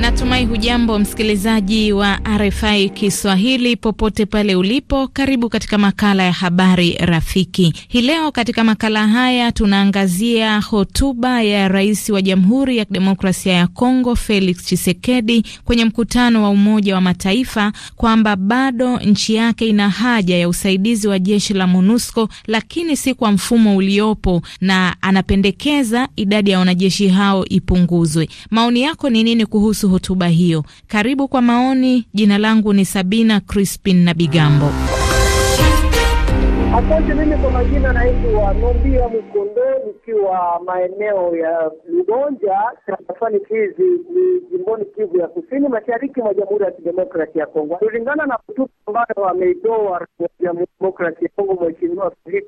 Natumai hujambo msikilizaji wa RFI Kiswahili popote pale ulipo. Karibu katika makala ya habari rafiki. Hii leo katika makala haya tunaangazia hotuba ya rais wa Jamhuri ya Kidemokrasia ya Kongo Felix Tshisekedi kwenye mkutano wa Umoja wa Mataifa kwamba bado nchi yake ina haja ya usaidizi wa jeshi la MONUSCO lakini si kwa mfumo uliopo, na anapendekeza idadi ya wanajeshi hao ipunguzwe. Maoni yako ni nini kuhusu kuhusu hotuba hiyo. Karibu kwa maoni. Jina langu ni Sabina Crispin na Bigambo. Asante. Mimi kwa majina naitwa Nombia Mkondo, nikiwa maeneo ya Lugonja tarafani Fizi, ni jimboni Kivu ya kusini mashariki mwa Jamhuri ya kidemokrasi ya Kongo. Kulingana na hotuba ambayo ameitoa Jamhuri ya Kidemokrasi ya Kongo Mheshimiwa Felix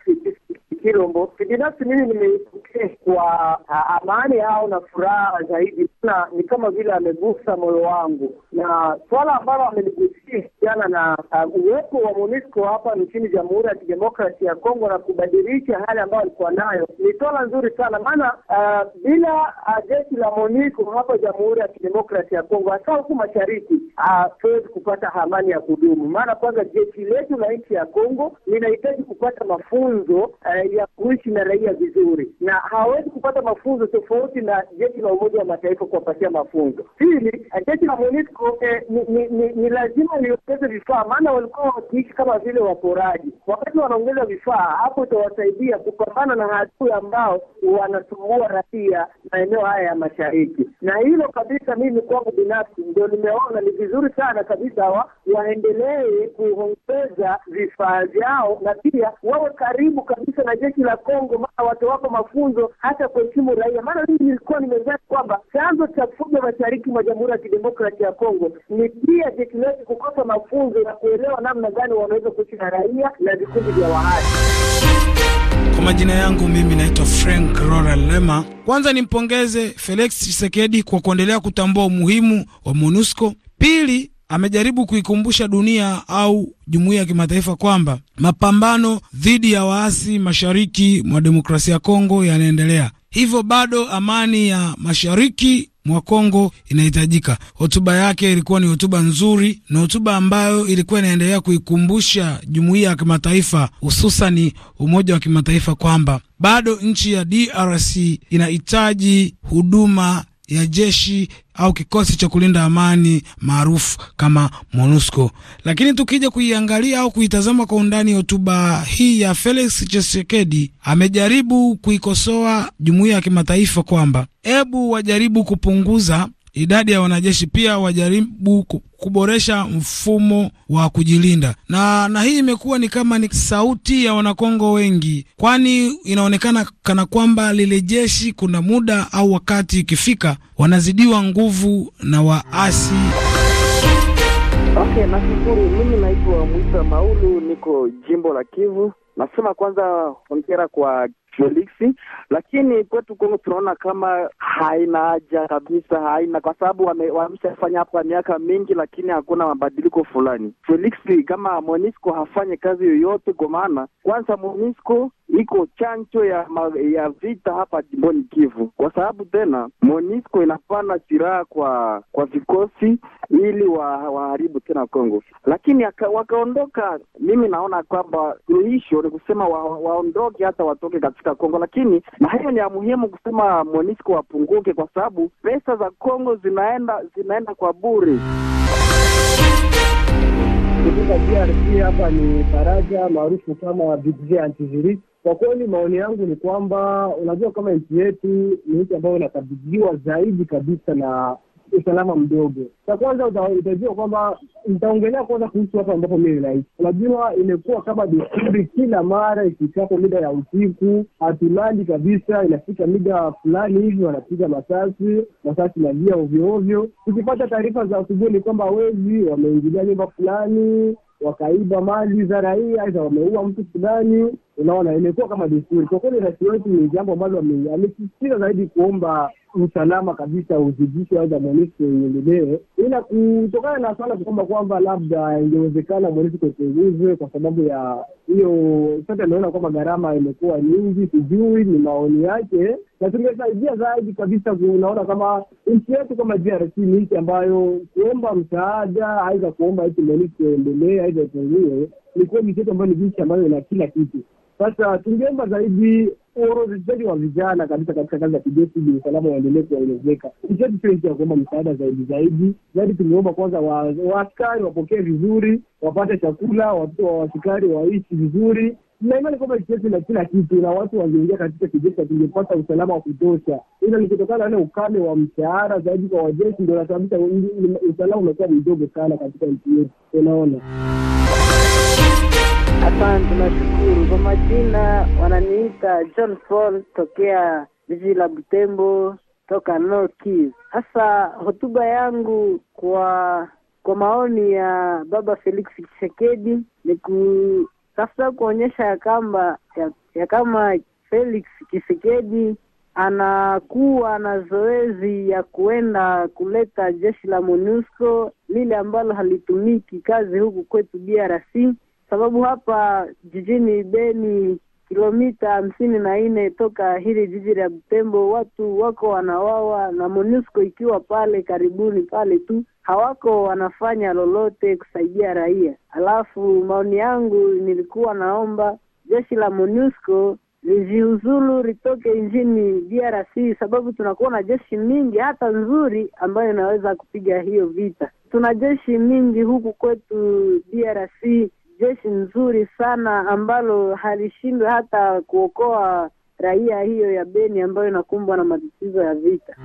Kirombo. Kibinafsi mimi nimeipokea kwa amani au na furaha zaidi, na ni kama vile amegusa moyo wangu, na swala ambalo ameligusia kuhusiana na uwepo wa MONUSCO hapa nchini Jamhuri ya Kidemokrasia ya Kongo na kubadilisha hali ambayo alikuwa nayo ni swala nzuri sana, maana uh, bila uh, jeshi la MONUSCO hapa Jamhuri ya Kidemokrasia ya Kongo hasa huku mashariki hatuwezi uh, kupata amani ya kudumu, maana kwanza jeshi letu la nchi ya Kongo linahitaji kupata mafunzo uh, raia kuishi na raia vizuri, na hawawezi kupata mafunzo tofauti na jeshi la Umoja wa Mataifa kuwapatia mafunzo. Pili, jeshi la MONUSCO eh, ni, ni, ni, ni lazima liongeze vifaa, maana walikuwa wakiishi kama vile waporaji. Wakati wanaongeza vifaa, hapo itawasaidia kupambana na adui ambao wanasumbua raia maeneo haya ya mashariki, na hilo kabisa, mimi kwangu binafsi ndio nimeona ni vizuri sana kabisa wa, waendelee kuongeza vifaa vyao na pia wawe karibu kabisa na jeshi la Kongo, maana watawapa mafunzo hata kuheshimu raia. Maana mimi nilikuwa nimezani kwamba chanzo cha fujo mashariki mwa Jamhuri ya Kidemokrasia ya Kongo ni pia jeshi letu kukosa mafunzo na kuelewa namna gani wanaweza kuishi na raia na vikundi vya wahasi. Kwa majina yangu mimi naitwa Frank Rora Lema. Kwanza nimpongeze Felix chisekedi kwa kuendelea kutambua umuhimu wa MONUSCO. Pili, amejaribu kuikumbusha dunia au jumuiya ya kimataifa kwamba mapambano dhidi ya waasi mashariki mwa demokrasia ya Kongo yanaendelea, hivyo bado amani ya mashariki mwa Kongo inahitajika. Hotuba yake ilikuwa ni hotuba nzuri na hotuba ambayo ilikuwa inaendelea kuikumbusha jumuiya ya kimataifa hususani Umoja wa Kimataifa kwamba bado nchi ya DRC inahitaji huduma ya jeshi au kikosi cha kulinda amani maarufu kama MONUSCO. Lakini tukija kuiangalia au kuitazama kwa undani, hotuba hii ya Felix Tshisekedi amejaribu kuikosoa jumuiya ya kimataifa kwamba hebu wajaribu kupunguza idadi ya wanajeshi, pia wajaribu kuboresha mfumo wa kujilinda. Na, na hii imekuwa ni kama ni sauti ya wanakongo wengi, kwani inaonekana kana kwamba lile jeshi kuna muda au wakati ikifika wanazidiwa nguvu na waasi. Okay, nashukuru. Mimi naitwa Mwisa Maulu, niko jimbo la Kivu. Nasema kwanza hongera kwa Felix, lakini kwetu Kongo tunaona kama haina haja kabisa, haina kwa sababu wameshafanya hapa miaka mingi, lakini hakuna mabadiliko fulani. Felix, kama Monisco hafanye kazi yoyote, kwa maana kwanza Monisco iko chanjo ya, ya vita hapa jimboni Kivu, kwa sababu tena Monisco inapana silaha kwa kwa vikosi ili waharibu tena Kongo, lakini wakaondoka, mimi naona kwamba suluhisho ni kusema wa, waondoke hata watoke katika cha Kongo, lakini na hiyo ni ya muhimu kusema MONUSCO wapunguke, kwa sababu pesa za Kongo zinaenda zinaenda kwa bure. Kutoka DRC hapa ni Faraja maarufu kama DJ Antiziri. Kwa kweli maoni yangu ni kwamba unajua, kama nchi yetu ni nchi ambayo inakabiliwa zaidi kabisa na usalama mdogo. Cha kwanza utajua kwamba nitaongelea kwanza kuhusu hapa ambapo mi ninaishi. Unajua, imekuwa kama desturi, kila mara ikifikapo mida ya usiku hatulali kabisa, inafika mida fulani hivi wanapiga masasi, masasi navia ovyoovyo. Tukipata taarifa za asubuhi ni kwamba wezi wameingilia nyumba fulani wakaiba mali za raia, aidha wameua mtu fulani Unaona, imekuwa kama desturi kwa kweli. wetu ni jambo ambalo amesisitiza zaidi kuomba usalama kabisa uzidishwe, aidha MONUSCO iendelee, ila kutokana na swala kwamba kwamba labda ingewezekana MONUSCO ipunguzwe kwa sababu ya hiyo. sote ameona kwamba gharama imekuwa nyingi, sijui ni maoni yake, na tungesaidia zaidi kabisa. Unaona kama nchi yetu kama DRC ni nchi ambayo kuomba msaada, aidha kuomba eti MONUSCO iendelee, aidha ipungue, ni kweli nchi yetu ambayo ni nchi ambayo ina kila kitu sasa tungeomba zaidi uorozeshaji eh, wa vijana kabisa katika kazi ya kijeshi ili usalama uendelee kuongezeka. Sio ya kuomba msaada zaidi zaidi zaidi, tungeomba kwanza waaskari wapokee vizuri, wapate chakula, watoto wa wasikari waishi vizuri. Naimani kwamba kijeshi na kila kitu na watu wangeingia katika kijeshi, tungepata usalama wa kutosha, ila ni kutokana na ukame wa mshahara zaidi kwa wajeshi ndo nasababisha usalama umekuwa mdogo sana katika nchi yetu, unaona. Asante, nashukuru. Kwa majina wananiita John Paul tokea jiji la Butembo toka North Kivu. Sasa hotuba yangu kwa kwa maoni ya Baba Felix Tshisekedi ni kutafuta kuonyesha ya kamba ya, ya kama Felix Tshisekedi anakuwa na zoezi ya kuenda kuleta jeshi la MONUSCO lile ambalo halitumiki kazi huku kwetu DRC sababu hapa jijini Beni kilomita hamsini na nne toka hili jiji la Butembo, watu wako wanawawa na MONUSCO ikiwa pale karibuni pale tu, hawako wanafanya lolote kusaidia raia. Alafu maoni yangu nilikuwa naomba jeshi la MONUSCO lijiuzulu litoke nchini DRC, sababu tunakuwa na jeshi mingi hata nzuri ambayo inaweza kupiga hiyo vita. Tuna jeshi mingi huku kwetu DRC jeshi nzuri sana ambalo halishindwe hata kuokoa raia hiyo ya Beni ambayo inakumbwa na matatizo ya vita.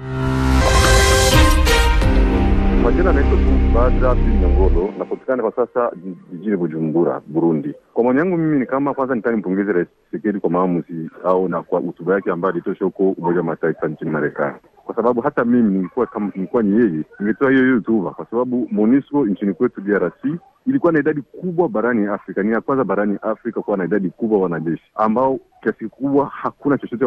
Majina anaitwa tu baada Nyongolo, napatikana kwa sasa jijini Bujumbura, Burundi. Kwa maoni yangu mimi ni kama kwanza nitanimpongeze Rais Tshisekedi kwa maamuzi au na kwa hutuba yake ambayo alitosha huko Umoja wa Mataifa nchini Marekani, kwa sababu hata mimi nilikuwa kama nilikuwa ni yeye ningetoa hiyo hiyo hotuba, kwa sababu monisco nchini kwetu DRC ilikuwa na idadi kubwa barani Afrika, ni ya kwanza barani Afrika kuwa na idadi kubwa wanajeshi ambao kiasi kikubwa hakuna chochote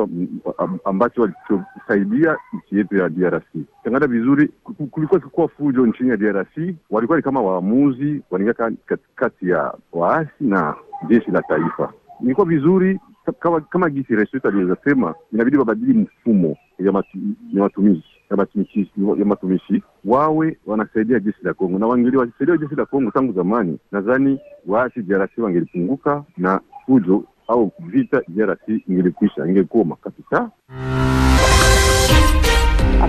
ambacho walichosaidia nchi yetu ya DRC. Ukiangalia vizuri, kulikuwa kikuwa fujo nchini ya DRC, walikuwa ni kama waamuzi, wanaingia katikati ya waasi na jeshi la taifa. Ilikuwa vizuri kama, kama gisi Rais aliweza sema, inabidi wabadili mfumo ya, matu, ya matumishi ya matumishi, ya matumishi wawe wanasaidia jeshi la Kongo na wangeli wasaidia jeshi la Kongo tangu zamani, nadhani waasi jarasi wangelipunguka na fujo au vita DRC ingelikwisha ingekoma kabisa.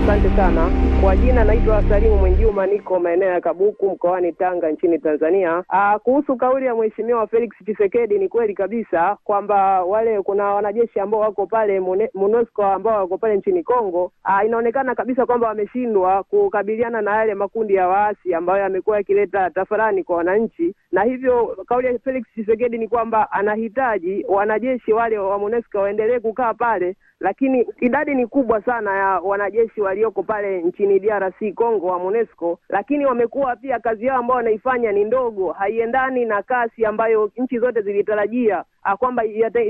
Asante sana kwa jina, naitwa Salimu Mwenjuma, niko maeneo ya Kabuku mkoani Tanga nchini Tanzania. Aa, ah, kuhusu kauli ya mheshimiwa Felix Tshisekedi, ni kweli kabisa kwamba wale kuna wanajeshi ambao wako pale MONUSCO ambao wako pale nchini Kongo. Aa, ah, inaonekana kabisa kwamba wameshindwa kukabiliana na yale makundi ya waasi ambayo yamekuwa yakileta tafarani kwa wananchi, na hivyo kauli ya Felix Tshisekedi ni kwamba anahitaji wanajeshi wale wa MONUSCO waendelee kukaa pale lakini idadi ni kubwa sana ya wanajeshi walioko pale nchini DRC Congo wa MONUSCO, lakini wamekuwa pia kazi yao ambayo wanaifanya ni ndogo, haiendani na kasi ambayo nchi zote zilitarajia. Ah, kwamba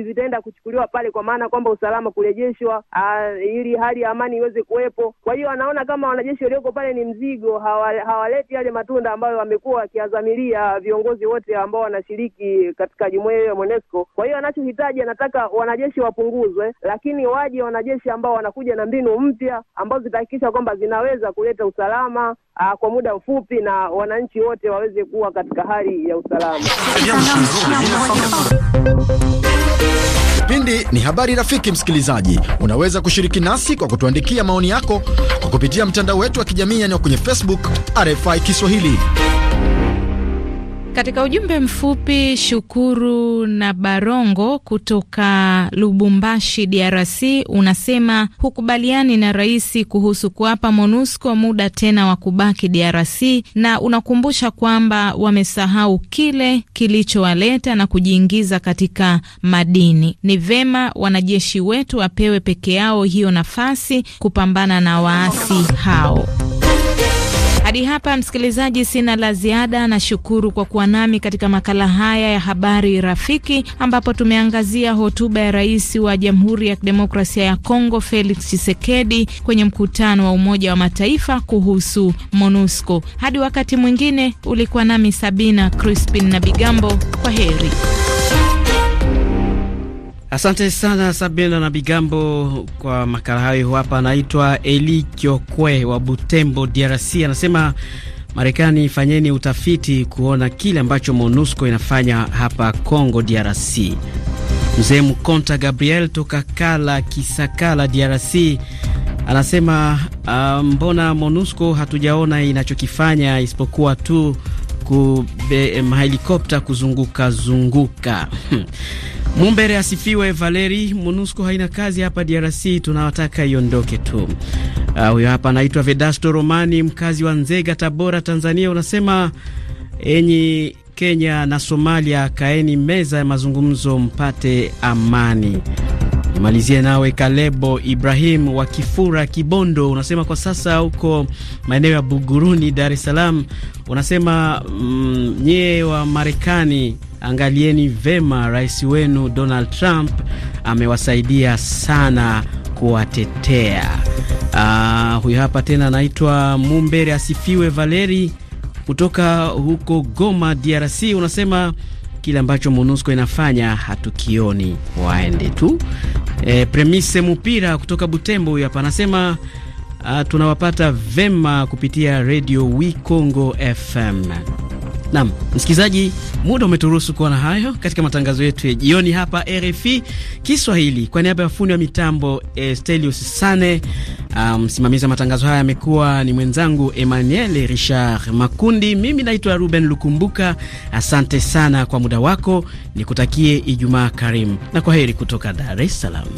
zitaenda kuchukuliwa pale, kwa maana kwamba usalama kurejeshwa, ah, ili hali ya amani iweze kuwepo. Kwa hiyo anaona kama wanajeshi walioko pale ni mzigo, hawaleti yale matunda ambayo wamekuwa wakiazamilia viongozi wote ambao wanashiriki katika jumuiya hiyo ya MONUSCO. Kwa hiyo anachohitaji, anataka wanajeshi wapunguzwe, lakini waje wanajeshi ambao wanakuja na mbinu mpya ambazo zitahakikisha kwamba zinaweza kuleta usalama uh, kwa muda mfupi na wananchi wote waweze kuwa katika hali ya usalama. Kipindi ni habari rafiki. Msikilizaji, unaweza kushiriki nasi kwa kutuandikia maoni yako kwa kupitia mtandao wetu wa kijamii, yani kwenye Facebook RFI Kiswahili. Katika ujumbe mfupi, Shukuru na Barongo kutoka Lubumbashi, DRC, unasema hukubaliani na rais kuhusu kuwapa MONUSCO muda tena wa kubaki DRC, na unakumbusha kwamba wamesahau kile kilichowaleta na kujiingiza katika madini. Ni vema wanajeshi wetu wapewe peke yao hiyo nafasi kupambana na waasi hao. Hadi hapa msikilizaji, sina la ziada. Nashukuru kwa kuwa nami katika makala haya ya habari rafiki, ambapo tumeangazia hotuba ya rais wa Jamhuri ya Kidemokrasia ya Kongo Felix Tshisekedi kwenye mkutano wa Umoja wa Mataifa kuhusu MONUSCO. Hadi wakati mwingine, ulikuwa nami Sabina Crispin na Bigambo. Kwa heri. Asante sana Sabina na Bigambo kwa makala hayo. Hapa anaitwa Eli Kyokwe wa Butembo, DRC, anasema Marekani, fanyeni utafiti kuona kile ambacho MONUSCO inafanya hapa Congo DRC. Mzee Mkonta Gabriel toka Kala Kisakala, DRC, anasema uh, mbona MONUSCO hatujaona inachokifanya isipokuwa tu ku helikopta kuzunguka zunguka. Hmm. Mumbere asifiwe. Valeri, MONUSCO haina kazi hapa DRC, tunawataka iondoke tu. Ah, huyo uh, hapa anaitwa Vedasto Romani, mkazi wa Nzega, Tabora, Tanzania. Unasema enyi Kenya na Somalia, kaeni meza ya mazungumzo mpate amani. Nimalizie nawe Kalebo Ibrahim wa Kifura, Kibondo. Unasema kwa sasa huko maeneo ya Buguruni, Dar es Salaam, unasema mm, nyie wa Marekani angalieni vema, rais wenu Donald Trump amewasaidia sana kuwatetea. Uh, huyu hapa tena anaitwa Mumbere asifiwe Valeri kutoka huko Goma, DRC, unasema kile ambacho MONUSCO inafanya hatukioni, waende tu. E, Premise Mupira kutoka Butembo huyo hapa anasema ah, tunawapata vema kupitia radio Wikongo FM. Nam msikilizaji, muda umeturuhusu kuwa na hayo katika matangazo yetu ya jioni hapa RFI Kiswahili. Kwa niaba ya fundi wa mitambo e, Stelius Sane, um, msimamizi um, wa matangazo haya amekuwa ni mwenzangu Emmanuel Richard Makundi. Mimi naitwa Ruben Lukumbuka, asante sana kwa muda wako, nikutakie Ijumaa karimu na kwa heri kutoka Dar es Salaam.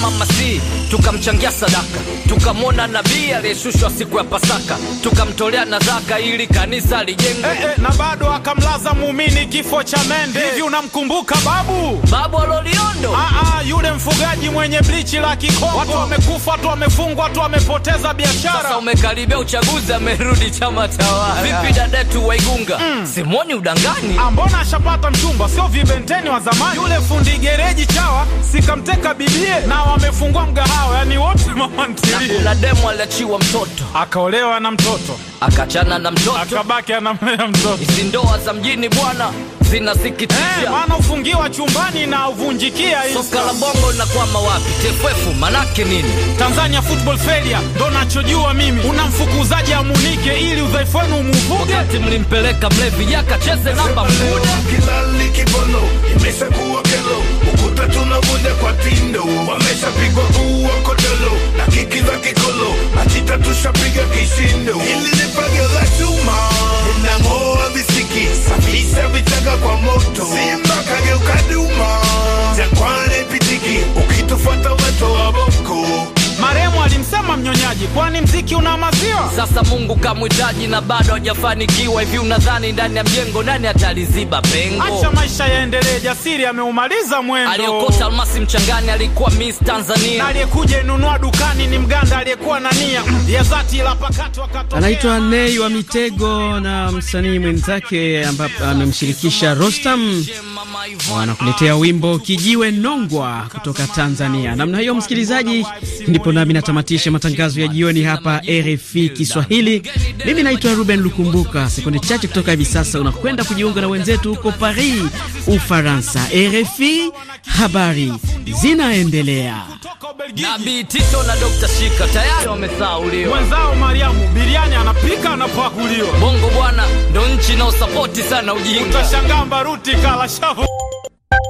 Mamacita. tukamchangia sadaka, tukamwona nabii aliyeshushwa siku ya Pasaka, tukamtolea nadhaka ili kanisa lijengwe. Hey, eh, eh, hey, na bado akamlaza muumini kifo cha mende. Hivi unamkumbuka babu babu Aloliondo? Ah, ah, yule mfugaji mwenye blichi la Kikongo. Watu wamekufa, watu wamefungwa, watu wamepoteza biashara. Sasa umekaribia uchaguzi, amerudi chama tawala. Vipi dada yetu Waigunga? Mm. Simoni udangani, ambona ah, ashapata mchumba, sio vibenteni wa zamani. Yule fundi gereji chawa sikamteka bibie na wamefungua mgaha yao, yani wote (laughs) mama ntilie. Kuna demu aliachiwa mtoto, akaolewa na mtoto, akachana na mtoto, akabaki anamlea (laughs) mtoto. Hizi ndoa za mjini bwana zinasikitisha hey, eh, maana ufungiwa chumbani na uvunjikia. Soka la bongo linakwama wapi? TFF manake nini? Tanzania football failure ndo nachojua mimi. Unamfukuzaje amunike ili udhaifu wenu umuvuge? Wakati mlimpeleka mlevi yakacheze namba mmoja, kila likibono kuwa kelo kumbe tunavuja kwa tindo, wameshapigwa uwa kodolo na kiki za kikolo, achita tushapiga kishindo. Hili ni page la chuma inang'oa visiki, safisha vichaka kwa moto, simba kageuka duma, jangwani pitiki, ukitufuata watu wa boko marehemu alimsema mnyonyaji, kwani mziki una maziwa? Sasa Mungu kamwitaji na bado hajafanikiwa. Hivi unadhani ndani ya mjengo nani ataliziba pengo? Acha maisha yaendelee, jasiri ameumaliza mwendo. Aliyokota almasi mchangani alikuwa Miss Tanzania, na aliyekuja inunua dukani ni mganda aliyekuwa na nia ya dhati la pakati wakatokea. Anaitwa Nei wa Mitego na msanii mwenzake ambapo amemshirikisha Rostam, wanakuletea wimbo Kijiwe Nongwa kutoka Tanzania. Namna hiyo msikilizaji, ndipo na nami natamatisha matangazo ya jioni hapa RFI Kiswahili. Mimi naitwa Ruben Lukumbuka. Sekunde chache kutoka hivi sasa unakwenda kujiunga na wenzetu huko Paris, Ufaransa. RFI, habari zinaendelea. Nabii Tito na Shika tayari wamesauliwa. Mwenzao Mariamu biriani anapika anapakuliwa. Bongo bwana ndo nchi sana ujinga. Utashangaa mbaruti